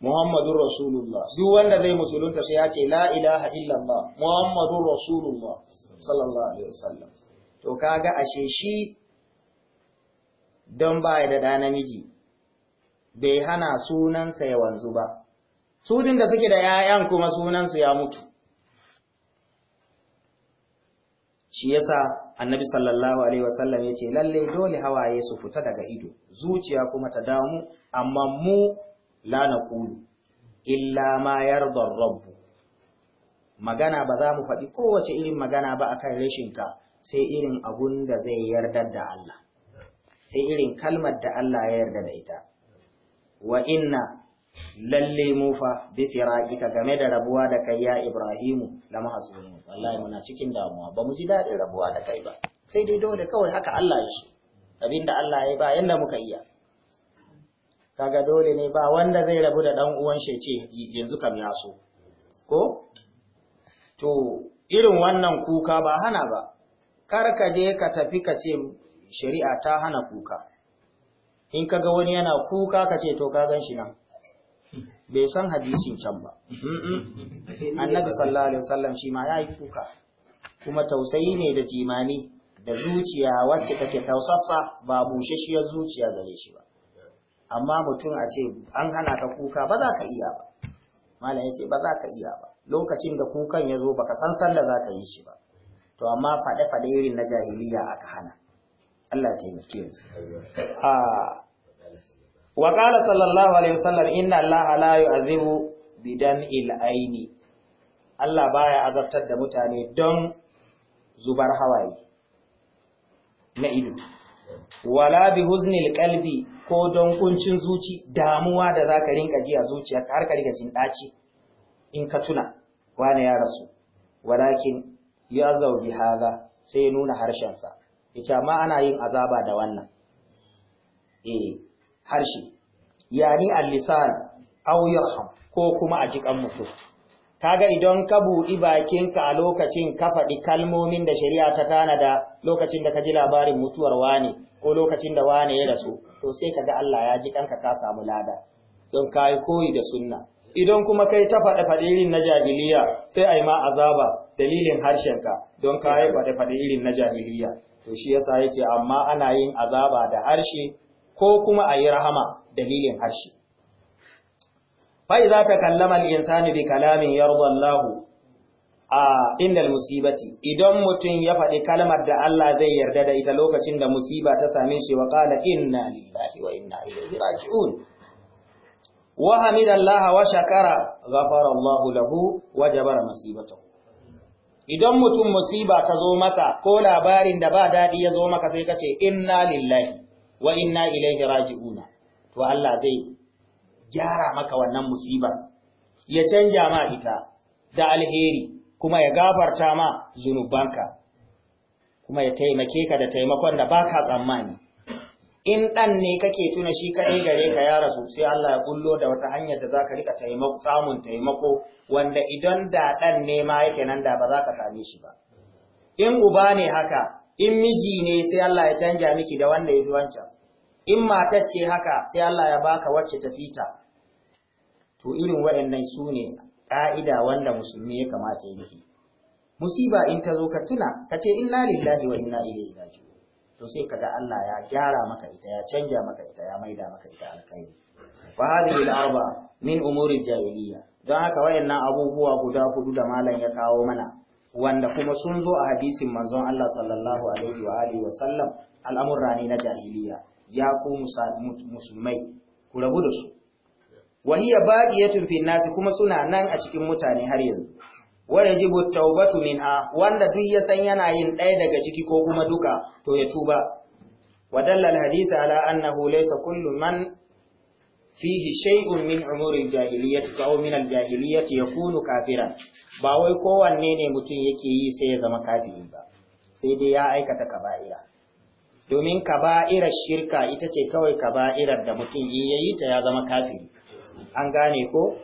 Muhammadun Rasulullah duk wanda zai musulunta sai ya ce la ilaha illallah Muhammadun Rasulullah sallallahu alaihi wasallam to kaga ashe shi don baya da ɗa namiji bai hana sunansa ya wanzu ba su da suke da 'ya'yan kuma sunansu ya mutu shi yasa annabi sallallahu alaihi wasallam ya ce lalle dole hawaye su fita daga ido zuciya kuma ta damu amma mu la Kulu. illa ma yarda Rabbu. magana ba za mu faɗi kowace irin magana ba akan rashinka sai irin abun da zai yarda da Allah sai irin kalmar da Allah ya yarda da ita wa inna lalle mu fa bi firaqika game da rabuwa da kai ya Ibrahimu la mahzunun wallahi muna cikin damuwa ba mu ji dadin rabuwa da kai ba sai dai dole kawai haka Allah ya shi abinda Allah ya ba yanda muka iya kaga dole ne ba wanda zai rabu da dan uwan shi ce yanzu kam ya so ko to irin wannan kuka ba hana ba kar ka je ka tafi ka ce shari'a ta hana kuka in kaga wani yana kuka ka ce to ka gan nan bai san hadisin can ba annabi sallallahu alaihi wasallam shi ma yayi kuka kuma tausayi ne da jimani da zuciya wacce take tausassa ba bushashiyar zuciya gare shi ba amma mutum a ce an hana ka kuka ba za ka iya ba malam ya ce ba za ka iya ba lokacin da kukan ya zo baka san sallah za ka yi shi ba to amma faɗe-faɗe irin na jahiliya aka hana Allah taimake mu a wa qala sallallahu alaihi wasallam inna allaha la yu'adhibu bidan ilaini Allah baya azabtar da mutane don zubar hawaye na ido wala bi huznil qalbi ko don kuncin zuci damuwa da za ka rinka ji a zuciya har ka rinka jin ɗaci in ka tuna wane ya rasu walakin ya zau bi haza sai ya nuna harshensa yace amma ana yin azaba da wannan eh harshe yani al-lisan aw yarham ko kuma a jikan mutum kaga idan ka buɗi bakinka a lokacin ka faɗi kalmomin da shari'a ta tanada lokacin da ka ji labarin mutuwar wane ko lokacin da wane ya rasu to sai kaga Allah ya ji kanka ka samu lada don ka yi koyi da sunna idan kuma kai ta faɗa faɗi irin na jahiliya sai ai ma azaba dalilin harshenka don ka faɗa faɗi irin na jahiliya to shi yasa yace amma ana yin azaba da harshe ko kuma ayi rahama dalilin harshe fa idza takallama al-insanu bi kalamin yarda Allah a inda musibati idan mutum ya faɗi kalmar da Allah zai yarda da ita lokacin da musiba ta same shi wa qala inna lillahi wa inna ilaihi raji'un wa hamida Allah wa shakara ghafara Allah lahu wa jabara musibatahu idan mutum musiba ta zo masa ko labarin da ba dadi ya zo maka sai kace inna lillahi wa inna ilaihi raji'un to Allah zai gyara maka wannan musibar ya canja ma ita da alheri kuma ya gafarta ma zunubanka kuma ya taimake ka da taimakon da baka tsammani in ɗan ne kake tuna shi kai gare ka ya rasu sai Allah ya kullo da wata hanyar da zaka rika taimako samun taimako wanda idan da dan ne ma yake nan da ba za ka same shi ba in uba ne haka in miji ne sai Allah ya canja miki da wanda ya fi wancan in matar ce haka sai Allah ya baka wacce ta fita to irin waɗannan su ne ƙa'ida wanda musulmi ya kamata ya nufi musiba in ta zo ka tuna ka ce inna lillahi wa inna ilaihi raji'un to sai ga Allah ya gyara maka ita ya canja maka ita ya maida maka ita alkhairi wa hadhihi al-arba min umuri jahiliya don haka waɗannan abubuwa guda hudu da malam ya kawo mana wanda kuma sun zo a hadisin manzon Allah sallallahu alaihi wa alihi wa sallam al'amurra ne na jahiliya ya ku musulmai ku rabu da su wahiya baqiyatun fil nasi kuma suna nan a cikin mutane har yanzu wa yajibu tawbatu a, wanda duk ya san yana yin ɗaya daga ciki ko kuma duka to ya tuba wa dalla al ala annahu laysa kullu man fihi shay'un min umuri al jahiliyyah min yakunu kafiran ba wai kowanne ne mutum yake yi sai ya zama kafiri ba sai dai ya aikata kaba'ira domin kaba'irar shirka ita ce kawai kaba'irar da mutum in yayi ta ya zama kafiri an gane ko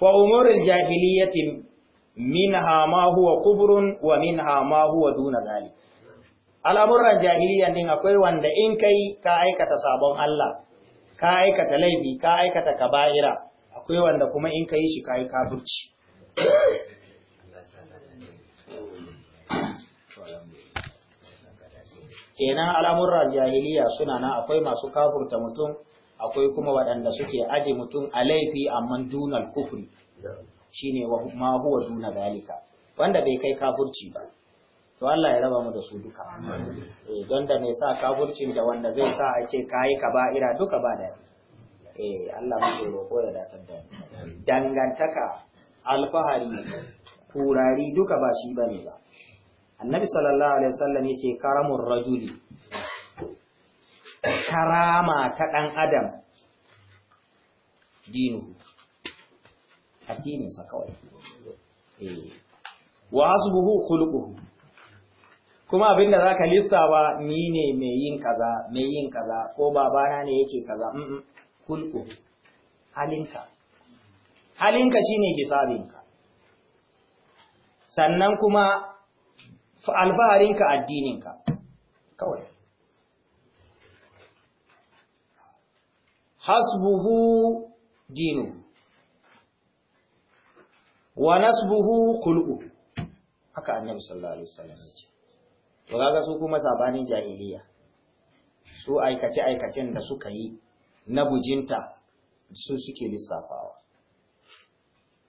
fa umurul jahiliyyati minha ma huwa kubrun wa minha ma huwa duna zali. al'amuran jahiliya din akwai wanda in kai ka aikata sabon Allah, ka aikata laifi, ka aikata kaba'ira, akwai wanda kuma in ka yi shi ka yi kafurci. Kenan al'amuran jahiliya suna na akwai masu kafurta mutum, akwai kuma waɗanda suke aje mutum a laifi amma dunal kufri ne ma huwa duna zalika wanda bai kai kafurci ba to Allah ya raba mu da su duka eh don da mai sa kafurcin da wanda zai sa a ce kai ka ba'ira duka ba da eh Allah mu ke roƙo ya datar da dangantaka alfahari kurari duka ba shi bane ba annabi sallallahu alaihi wasallam yace karamur rajuli karama ta ɗan adam dinu addininsa kawai eh. wa buhu khuluquhu kuma abinda zaka lissawa ni ne mai yin kaza mai yin kaza ko babana ne yake kaza mm khuluquhu halinka halinka shine hisabinka sannan kuma alfaharinka addininka kawai hasbuhu dinu wa nasbuhu haka annabi sallallahu alaihi wasallam yace to kaga su kuma sabanin jahiliya su aikace aikacen da suka yi na bujinta su suke lissafawa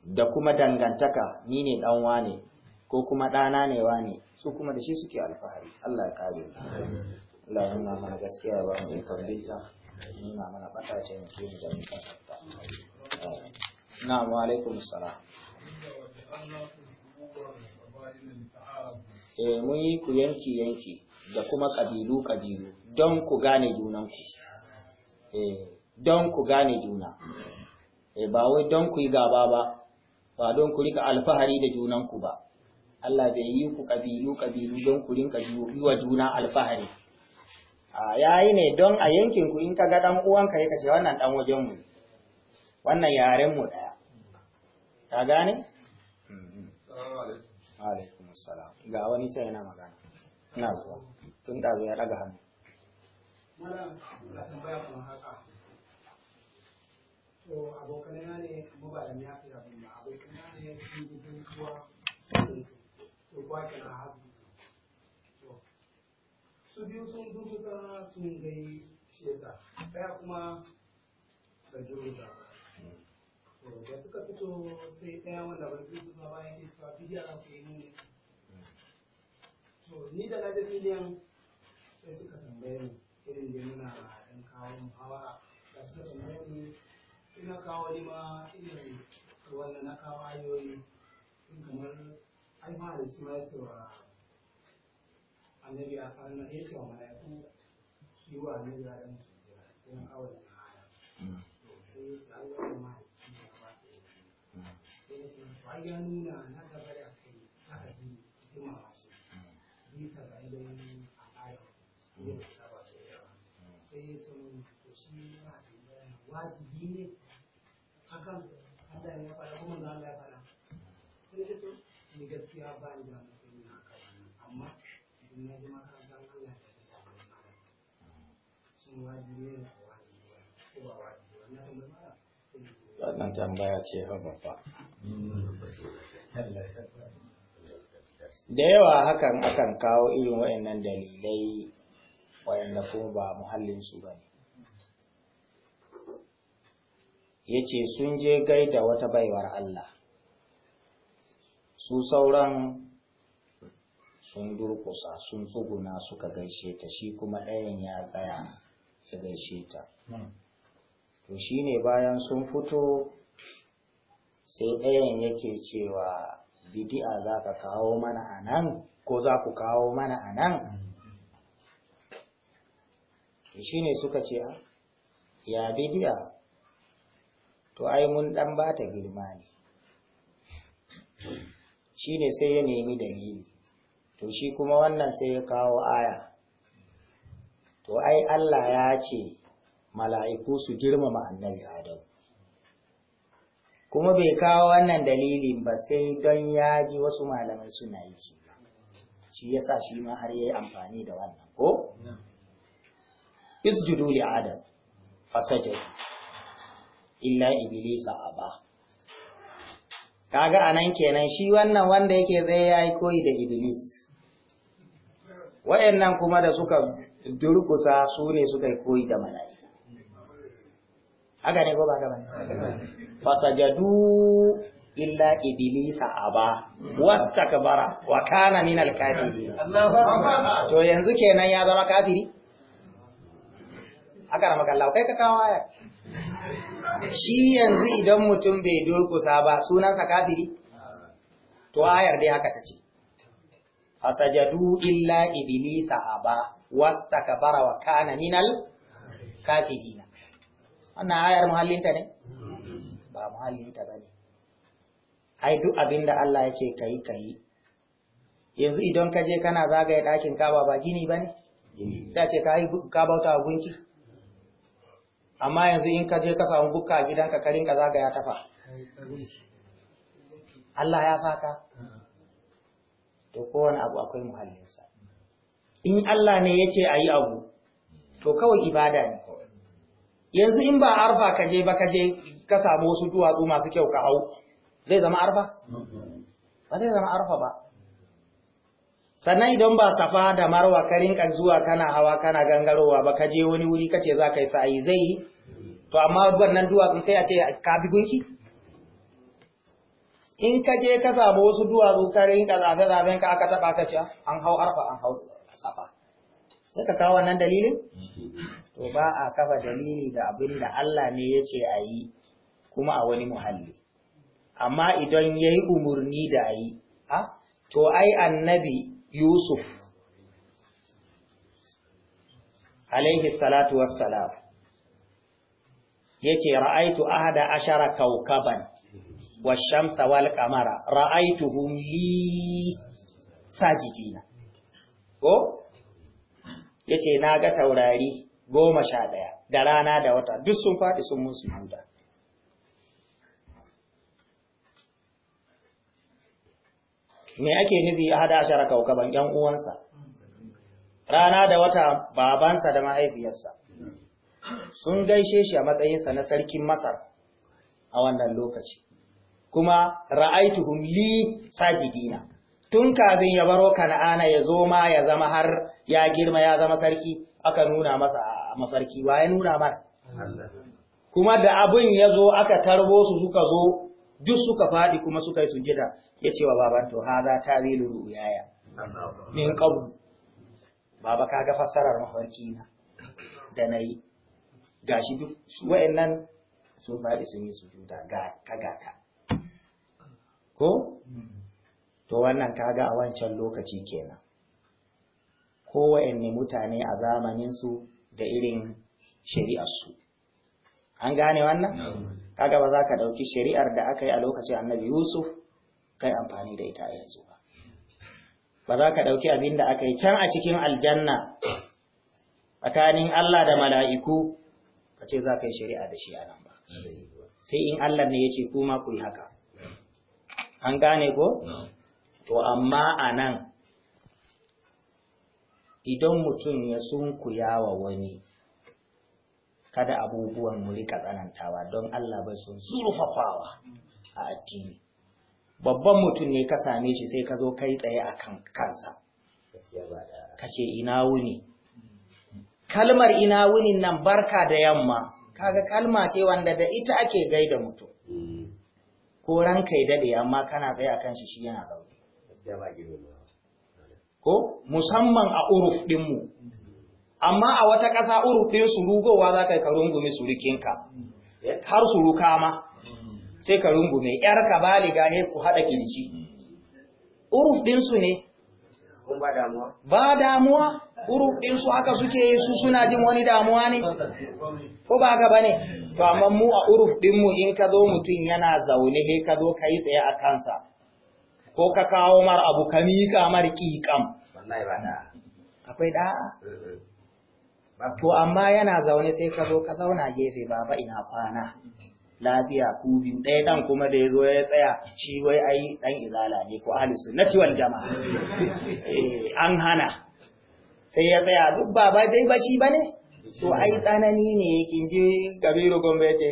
da kuma dangantaka ni ne dan wane ko kuma dana ne wane su kuma da shi suke alfahari Allah ya kare mu Allah ya mana gaskiya ba mu fahimta nuna mana bata ce mu mu da mutan na wa alaikum salam eh mun yi ku yanki yanki da kuma kabilu kabilu don ku gane junan ku eh, don ku gane juna eh, ba wai don ku yi gaba ba ba don ku rika alfahari da junan ku ba Allah bai yi ku kabilu kabilu don ku rinka yi wa juna alfahari a yayi ne don a yankin ku in ka ga dan uwanka yake ce wannan dan wajen mu wannan yaren mu daya ka gane alaikum assalam ga wani ce yana magana ina zuwa tun da ya daga hannu to abokan yana ne kuma ba da ne ya fi abin ba abokanai ne sun gudu kuwa to ba kana haɗu su biyu sun durkusa sun gai shi yasa daya kuma da durkusa da suka fito sai daya wanda bai durkusa bayan iska bidiya za ku yi nuni to ni da lajin bidiyan sai suka tambaye ni irin da muna ɗan kawo muhawara da suka tambaye ni ina kawo ni ma irin wanda na kawo ayoyi kamar ai ma da shi ma ya annabi a ranar ya wa eh, mala'iku yi wa annabi a ɗan sujjira irin awon na haya mm. sai su an gaba mahaifi ya ba su yi sai ya ce ba ya nuna na gaba da kai aka ji hikima masu bisa ga ilimin yi yawa sai ya ce mun to shi wajibi ne akan Allah ya kuma Allah ya sai ya ce ni gaskiya ba ni da wannan tambaya ce babba da yawa hakan akan kawo irin waɗannan dalilai waɗanda kuma ba muhallinsu ba ne ya ce sun je gaida wata baiwar Allah su sauran sun durkusa sun tsuguna suka gaishe ta shi kuma ɗayan ya tsaya ya gaishe ta hmm. to shi ne bayan sun fito sai ɗayan yake cewa bidi'a za ka kawo mana a nan ko za ku kawo mana a nan to shi ne suka ce ah, ya bidi'a to ai mun ɗan ba ta girma ne shi ne sai ya nemi dalili to shi kuma wannan sai ya kawo aya to ai Allah ya ce mala'iku su girmama annabi Adam kuma bai kawo wannan dalilin ba sai don ya ji wasu malamai suna yi shi shi ya sa shi ma har ya yi amfani da wannan ko? isjudu li Adam fasajadu illa iblisa aba kaga anan kenan shi wannan wanda yake zai yayi koyi da iblis wayannan kuma da suka durkusa su ne suka yi koyi da mala'ika haka ne ko ba ne. fasajadu illa iblisa ka bara, wa kana min alkafirin to yanzu kenan ya zama kafiri haka ramaka Allah kai ka kawo ya. shi yanzu idan mutum bai durkusa ba sunansa kafiri to ayar dai haka ta ce fasajadu illa iblisa aba wastakbara wa kana minal kafirina wannan ayar muhallinta ne ba muhallinta bane ai duk abinda Allah yake kai kai yanzu idan ka je kana zagaye ɗakin kaba ba gini bane sai ce ka yi ka bauta gunki amma yanzu in ka je ka samu a gidanka ka rinka zagaya tafa Allah ya saka to kowane abu akwai muhallinsa in Allah ne ya ce a yi abu to kawai ibada ne yanzu in ba arfa ka je ba ka je ka samu wasu duwatsu masu kyau ka hau zai zama arfa ba zai zama arfa ba sannan idan ba safa da marwa ka rinka zuwa kana hawa kana gangarowa ba ka je wani wuri kace za ka yi sa'ayi zai yi to amma wannan duwatsun sai a ce ka bi gunki in ka je ka samu wasu duwatsu ka rinka zafe ka aka taba ka ce an hau arfa an hau safa sai ka kawo wannan dalilin to ba a kafa dalili da abin da Allah ne ya ce a yi kuma a wani muhalli amma idan ya yi umarni da a yi to ai annabi yusuf alaihi salatu wassalam ya ce ra'aitu ahada ashara kaukaban والشمس والقمر wal لي ساجدين li sajidina ko yace na ga taurari goma sha ɗaya da rana da wata duk sun faɗi sun musu huda me ake nufi a hada ashara kaukaban ‘yan uwansa, rana da wata babansa da mahaifiyarsa, sun gaishe shi a matsayinsa na sarkin Masar a wannan lokaci. kuma ra'aituhum li sajidina tun kafin ya baro kana'ana ya zo ma ya zama har ya girma ya zama sarki aka nuna masa mafarki ya nuna mar kuma da abin ya zo aka tarbo su suka zo duk suka faɗi kuma suka yi sujjida ya ce wa baban to haza tawilu ru'yaya min qabl baba kaga fassarar mafarki na da nayi gashi duk wayannan sun faɗi sun yi sujuda ga kaga ka ko to wannan kaga a wancan lokaci kenan ko wayanne mutane a zamaninsu da irin shari'arsu an gane wannan kaga ba za ka ɗauki shari'ar da aka yi a lokacin annabi yusuf kai amfani da ita yanzu ba ba za ka ɗauki abin da aka yi can a cikin aljanna tsakanin Allah da mala'iku ka ce za ka yi shari'a da shi a nan ba sai in Allah ne ya ce kuma ku yi haka an gane ko? to amma a idan mutum ya sunkuyawa wani kada abubuwan mu tsanantawa don Allah bai sun zurfafawa a addini babban mutum ne ka same shi sai ka zo kai tsaye a kan kansa ka ce ina wuni kalmar ina wunin nan barka da yamma kaga kalma ce wanda da ita ake gaida mutum ko ranka ya dade amma kana tsaye kan shi shi yana zaune ko musamman a uruf ɗinmu, amma a wata ƙasa uruf ɗin su rugowa za ka yi ka rungume rikinka, har su ruka ma sai ka rungume yar ka baliga he ku haɗa ƙirci. Mm. uruf ɗinsu Ba ne ba damuwa group din su haka suke yi su suna jin wani damuwa ne ko ba ka bane to amma mu a uruf din in ka zo mutun yana zaune he ka zo kai tsaye a kansa ko ka kawo mar abu ka miƙa mar ƙiƙam? akwai da to amma yana zaune sai ka zo ka zauna gefe baba ina kwana lafiya ku bi ɗaya ɗan kuma da ya zo ya tsaya shi wai ai ɗan izala ne ko ahli sunnati wal jama'a eh, an hana sai ya tsaya duk ba ba dai ba shi ba ne to ai tsanani ne yakin ji kabiru gombe ce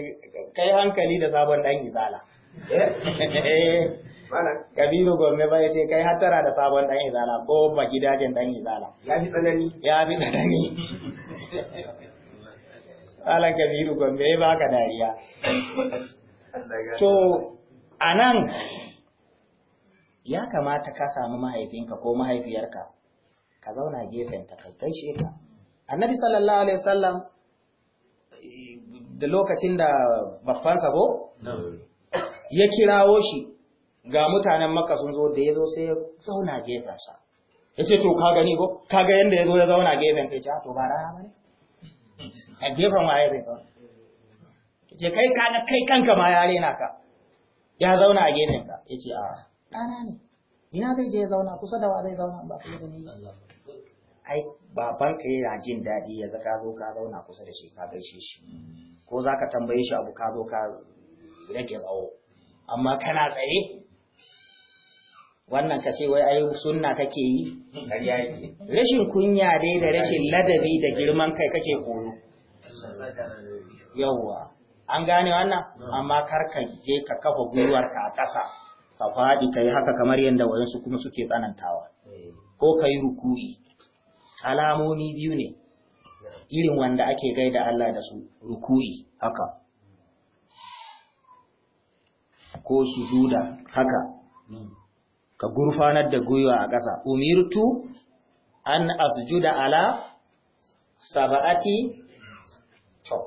kai hankali da sabon dan izala kabiru gombe ba ya ce kai hatara da sabon dan izala ko ba gidajen dan izala ya fi tsanani ya fi tsanani ala kabiru gombe ba ka dariya to anan ya kamata ka samu mahaifinka ko mahaifiyarka ka zauna gefen ta kai kai sheka annabi sallallahu alaihi wasallam da lokacin da babban sabo ya kirawo shi ga mutanen makka sun zo da ya zo sai ya zauna gefen sa ya ce to ka gani ko ka ga yanda ya zo ya zauna gefen kai ce to ba rana bane a gefen waye zai zauna ce kai kaga kai kanka ma yare na ka ya zauna a gefen ka ya ce a ɗana ne ina zai je ya zauna kusa da wa zai zauna ba kuma da ni ai babanka yana jin daɗi ya ka zo ka zauna kusa da shi ka gaishe shi ko za ka tambaye shi abu ka zo ka rage tsawo amma kana tsaye wannan ka ce wai ai sunna kake yi rashin kunya dai da rashin ladabi da girman kai kake koyo yawwa an gane wannan amma kar ka je ka kafa gwiwarka a ƙasa ka faɗi ka yi haka kamar yadda wayansu kuma suke tsanantawa eh. ko ka yi ruku'i alamomi biyu ne irin wanda ake gaida Allah da su ruku'i haka ko sujuda haka ka gurfanar da gwiwa a ƙasa umirtu an asjuda ala saba'ati to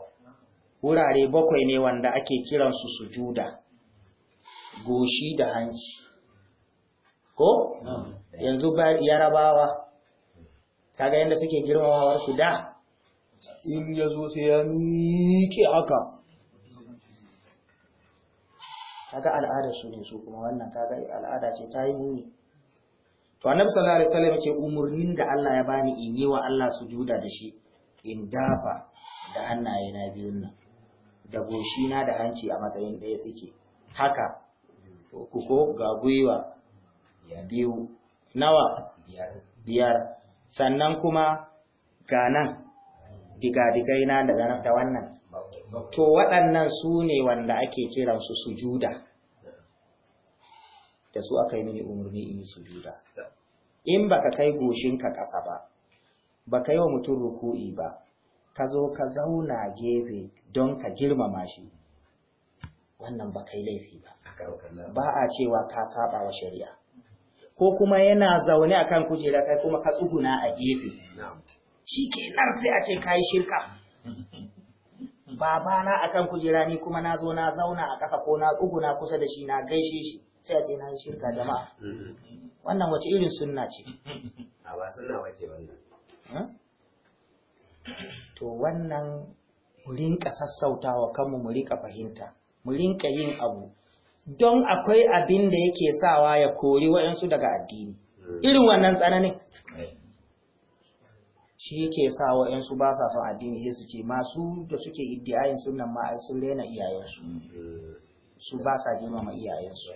wurare bakwai ne wanda ake kiran su sujuda goshi da hanci ko yanzu yarabawa kaga yanda suke girmamawar su da in ya zo sai ya miƙe haka kaga al'ada su ne su kuma wannan kaga al'ada ce ta yi muni to annabi sallallahu alaihi wasallam ce umurnin da Allah ya bani in yi wa Allah sujuda da shi in dafa da hannaye na biyun nan da goshi na da hanci a matsayin ɗaya suke haka ko ga gwiwa biyu nawa biyar sannan kuma ga nan digadigai na da wannan to waɗannan su ne wanda ake kiransu sujuda da su aka yi mini umarni in sujuda in ba ka kai goshinka ƙasa ba baka yi wa mutum ruku'i ba ka zo ka zauna gefe don ka girmama shi wannan ba kai laifi ba ba a cewa ka saba wa shari'a ko kuma yana zaune a kan kujera kai kuma ka tsuguna a gefe shi ke nan sai a ce yi shirka babana kan kujera ni kuma na zo na zauna a ƙasa ko na tsuguna kusa da shi na gaishe shi sai a ce na yi shirka jama'a mm-hmm. wannan wace irin sunna ce a ba sunna wace wannan to wannan mu rinka sassautawa kanmu mu rinka fahimta mu rinka yin abu don akwai abin da yake sawa ya kori wa'yansu daga addini irin wannan tsananin shi yake sa wa'yansu ba sa son addini sai su ce masu da suke iddiyayin sunan ma sun rena iyayensu su ba sa ma iyayensu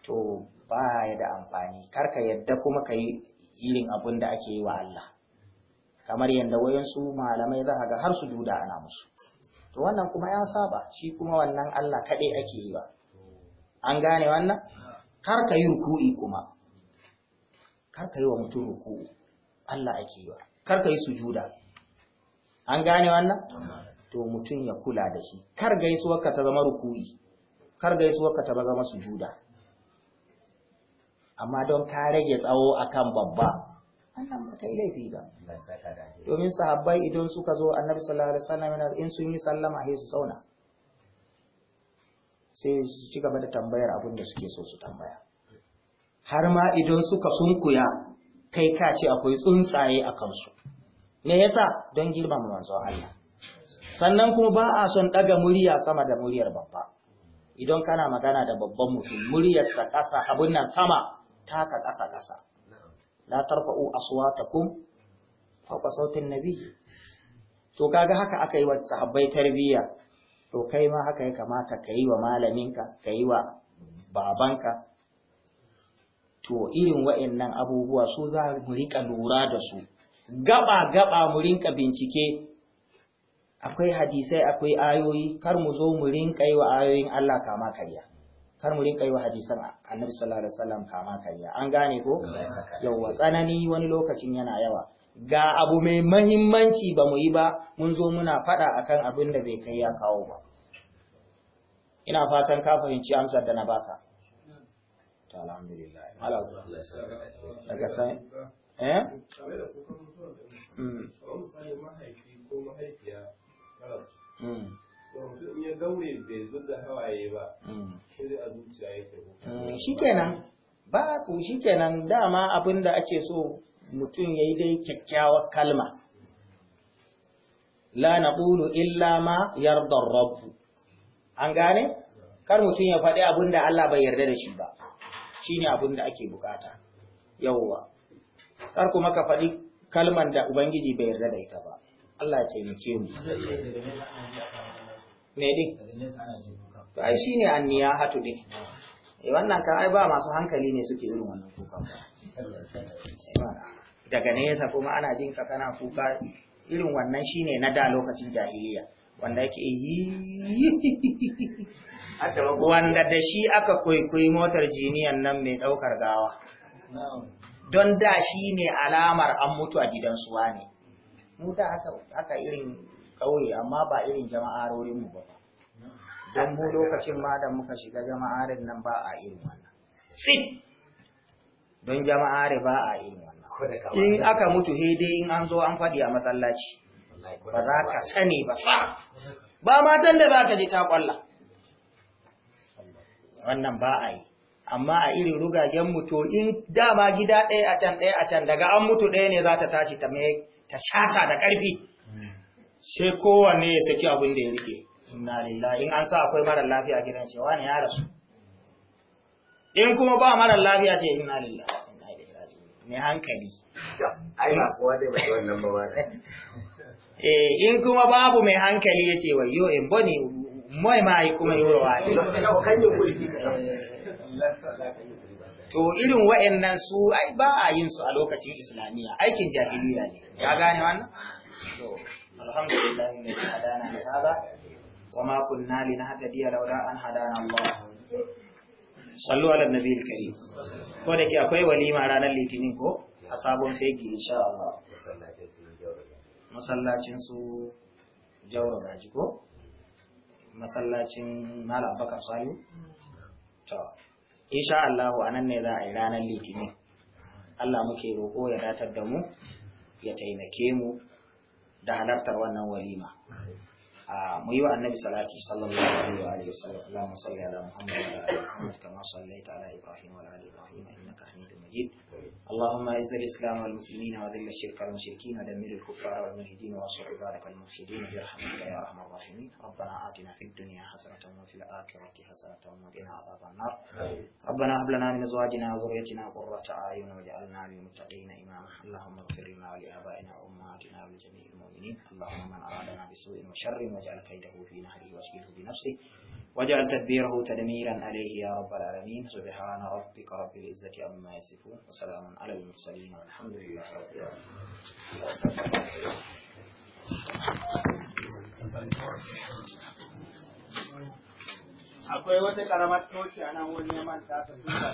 to ba ya da amfani karka yadda kuma ka yi irin abin da ake yi wa Allah kamar yadda wayansu malamai za ga har su duda ana musu to wannan kuma ya saba shi kuma wannan Allah kaɗai ake yi ba an gane wannan kar ka yi ruku'i kuma kar ka yi wa mutum ruku'u Allah ake yi wa kar ka yi sujuda an gane wannan to mutum ya kula da shi kar gaisuwarka ta zama ruku'i kar gaisuwarka ta zama sujuda amma don ka rage tsawo akan babba wannan ba kai laifi ba domin sahabbai idan suka zo annabi sallallahu alaihi wasallam in sun yi sallama sai su zauna sai su ci gaba da tambayar abin da suke so su tambaya har ma idan suka sunkuya kai ka ce akwai tsuntsaye a kansu me yasa don girmama manzo Allah sannan kuma ba a son daga murya sama da muryar babba idan kana magana da babban mutum muryar ta kasa abun nan sama taka kasa kasa la tarfa'u aswatakum fawqa sautin nabiy to kaga haka aka yi wa sahabbai tarbiyya to kai ma haka ya kamata ka yi wa malaminka ka yi wa babanka to irin wa'annan abubuwa su za mu rika lura da su gaba gaba mu rinka bincike akwai hadisai akwai ayoyi kar mu zo mu rinka yi wa ayoyin Allah kama karya kar mu rinka yi wa hadisan annabi sallallahu alaihi wasallam kama karya an gane ko yawa tsanani wani lokacin yana yawa ga abu mai mahimmanci ba mu yi ba mun zo muna faɗa akan abin da bai kai ya kawo ba ina fatan ka fahimci amsar da na baka alhamdulillah daga sai eh hmm. hmm. hmm. shi kenan ba ku shi kenan dama abin da ake so mutum ya yi dai kyakkyawar kalma la na ƙulu illa ma yardar Rabu. an gane kar mutum ya faɗi abin da Allah bai yarda da shi ba shi ne abin da ake bukata yauwa kar kuma ka faɗi kalman da ubangiji bai yarda da ita ba Allah ya taimake mu me ne? to ai hatu ne. Eh, wannan kan ai ba masu hankali ne suke irin wannan kuka ba daga nesa kuma ana jin ka kana kuka irin wannan shine na da lokacin jahiliya wanda yake yi wanda da shi aka kwaikwayi motar jiniyan nan mai daukar gawa don da shi ne alamar an mutu a gidansu ne mu da haka irin kauye amma ba irin jama'arorinmu ba ba don mu lokacin ma da muka shiga jama'arin nan ba a irin wannan don jama'ari ba a irin wannan in aka mutu dai in an zo an faɗi a matsalaci, ba za ka sani ba sa ba matan da za ka ji ta wannan ba a yi amma a irin rugagen mutu in dama gida ɗaya a can ɗaya a can daga an mutu ɗaya ne za ta tashi ta mai ta shata da ƙarfi sai kowanne ya saki abin da ya rike inna lillahi in an sa akwai mara lafiya gidan cewa ne ya rasu in kuma ba mara lafiya ce inna lillahi mai hankali Aina kuwa zai bai wannan ba eh in kuma babu mai hankali yace wayo in boni mai mai kuma yorowa eh, to irin wa'annan su ai ba a yin su a lokacin islamiyya aikin jahiliya ne ya gane wannan to alhamdulillah ne hadana da hada wa ma kunna linahtadiya laula an hadana Allah sallu ala nabi karim ko da ke akwai walima ranar litinin ko a sabon fegi insha Allah masallacin su jauro gaji ko masallacin malam bakar salu to insha Allah anan ne za a yi ranar litinin Allah muke roko ya datar da mu ya taimake mu da halartar wannan walima mu yi wa annabi salatu sallallahu alaihi wa alihi wa sallam Allahumma salli ala Muhammad wa ala ali Muhammad kama sallaita ala Ibrahim wa ala ali Ibrahim حميد مجيد اللهم اعز الإسلام والمسلمين وذل الشرك والمشركين ودمر الكفار والملحدين وانصر عبادك الموحدين برحمتك يا أرحم الراحمين ربنا آتنا في الدنيا حسنة وفي الآخرة حسنة وقنا عذاب النار ربنا هب لنا من أزواجنا وذريتنا قرة أعين واجعلنا للمتقين إماما اللهم اغفر لنا ولآبائنا وأمهاتنا ولجميع المؤمنين اللهم من أرادنا بسوء وشر واجعل كيده في نهره واشغله بنفسه واجعل تدبيره تدميرا عليه يا رب العالمين سبحان ربك رب العزة عما يصفون وسلام على المرسلين والحمد لله رب العالمين akwai wata karamar toci a wani ya ta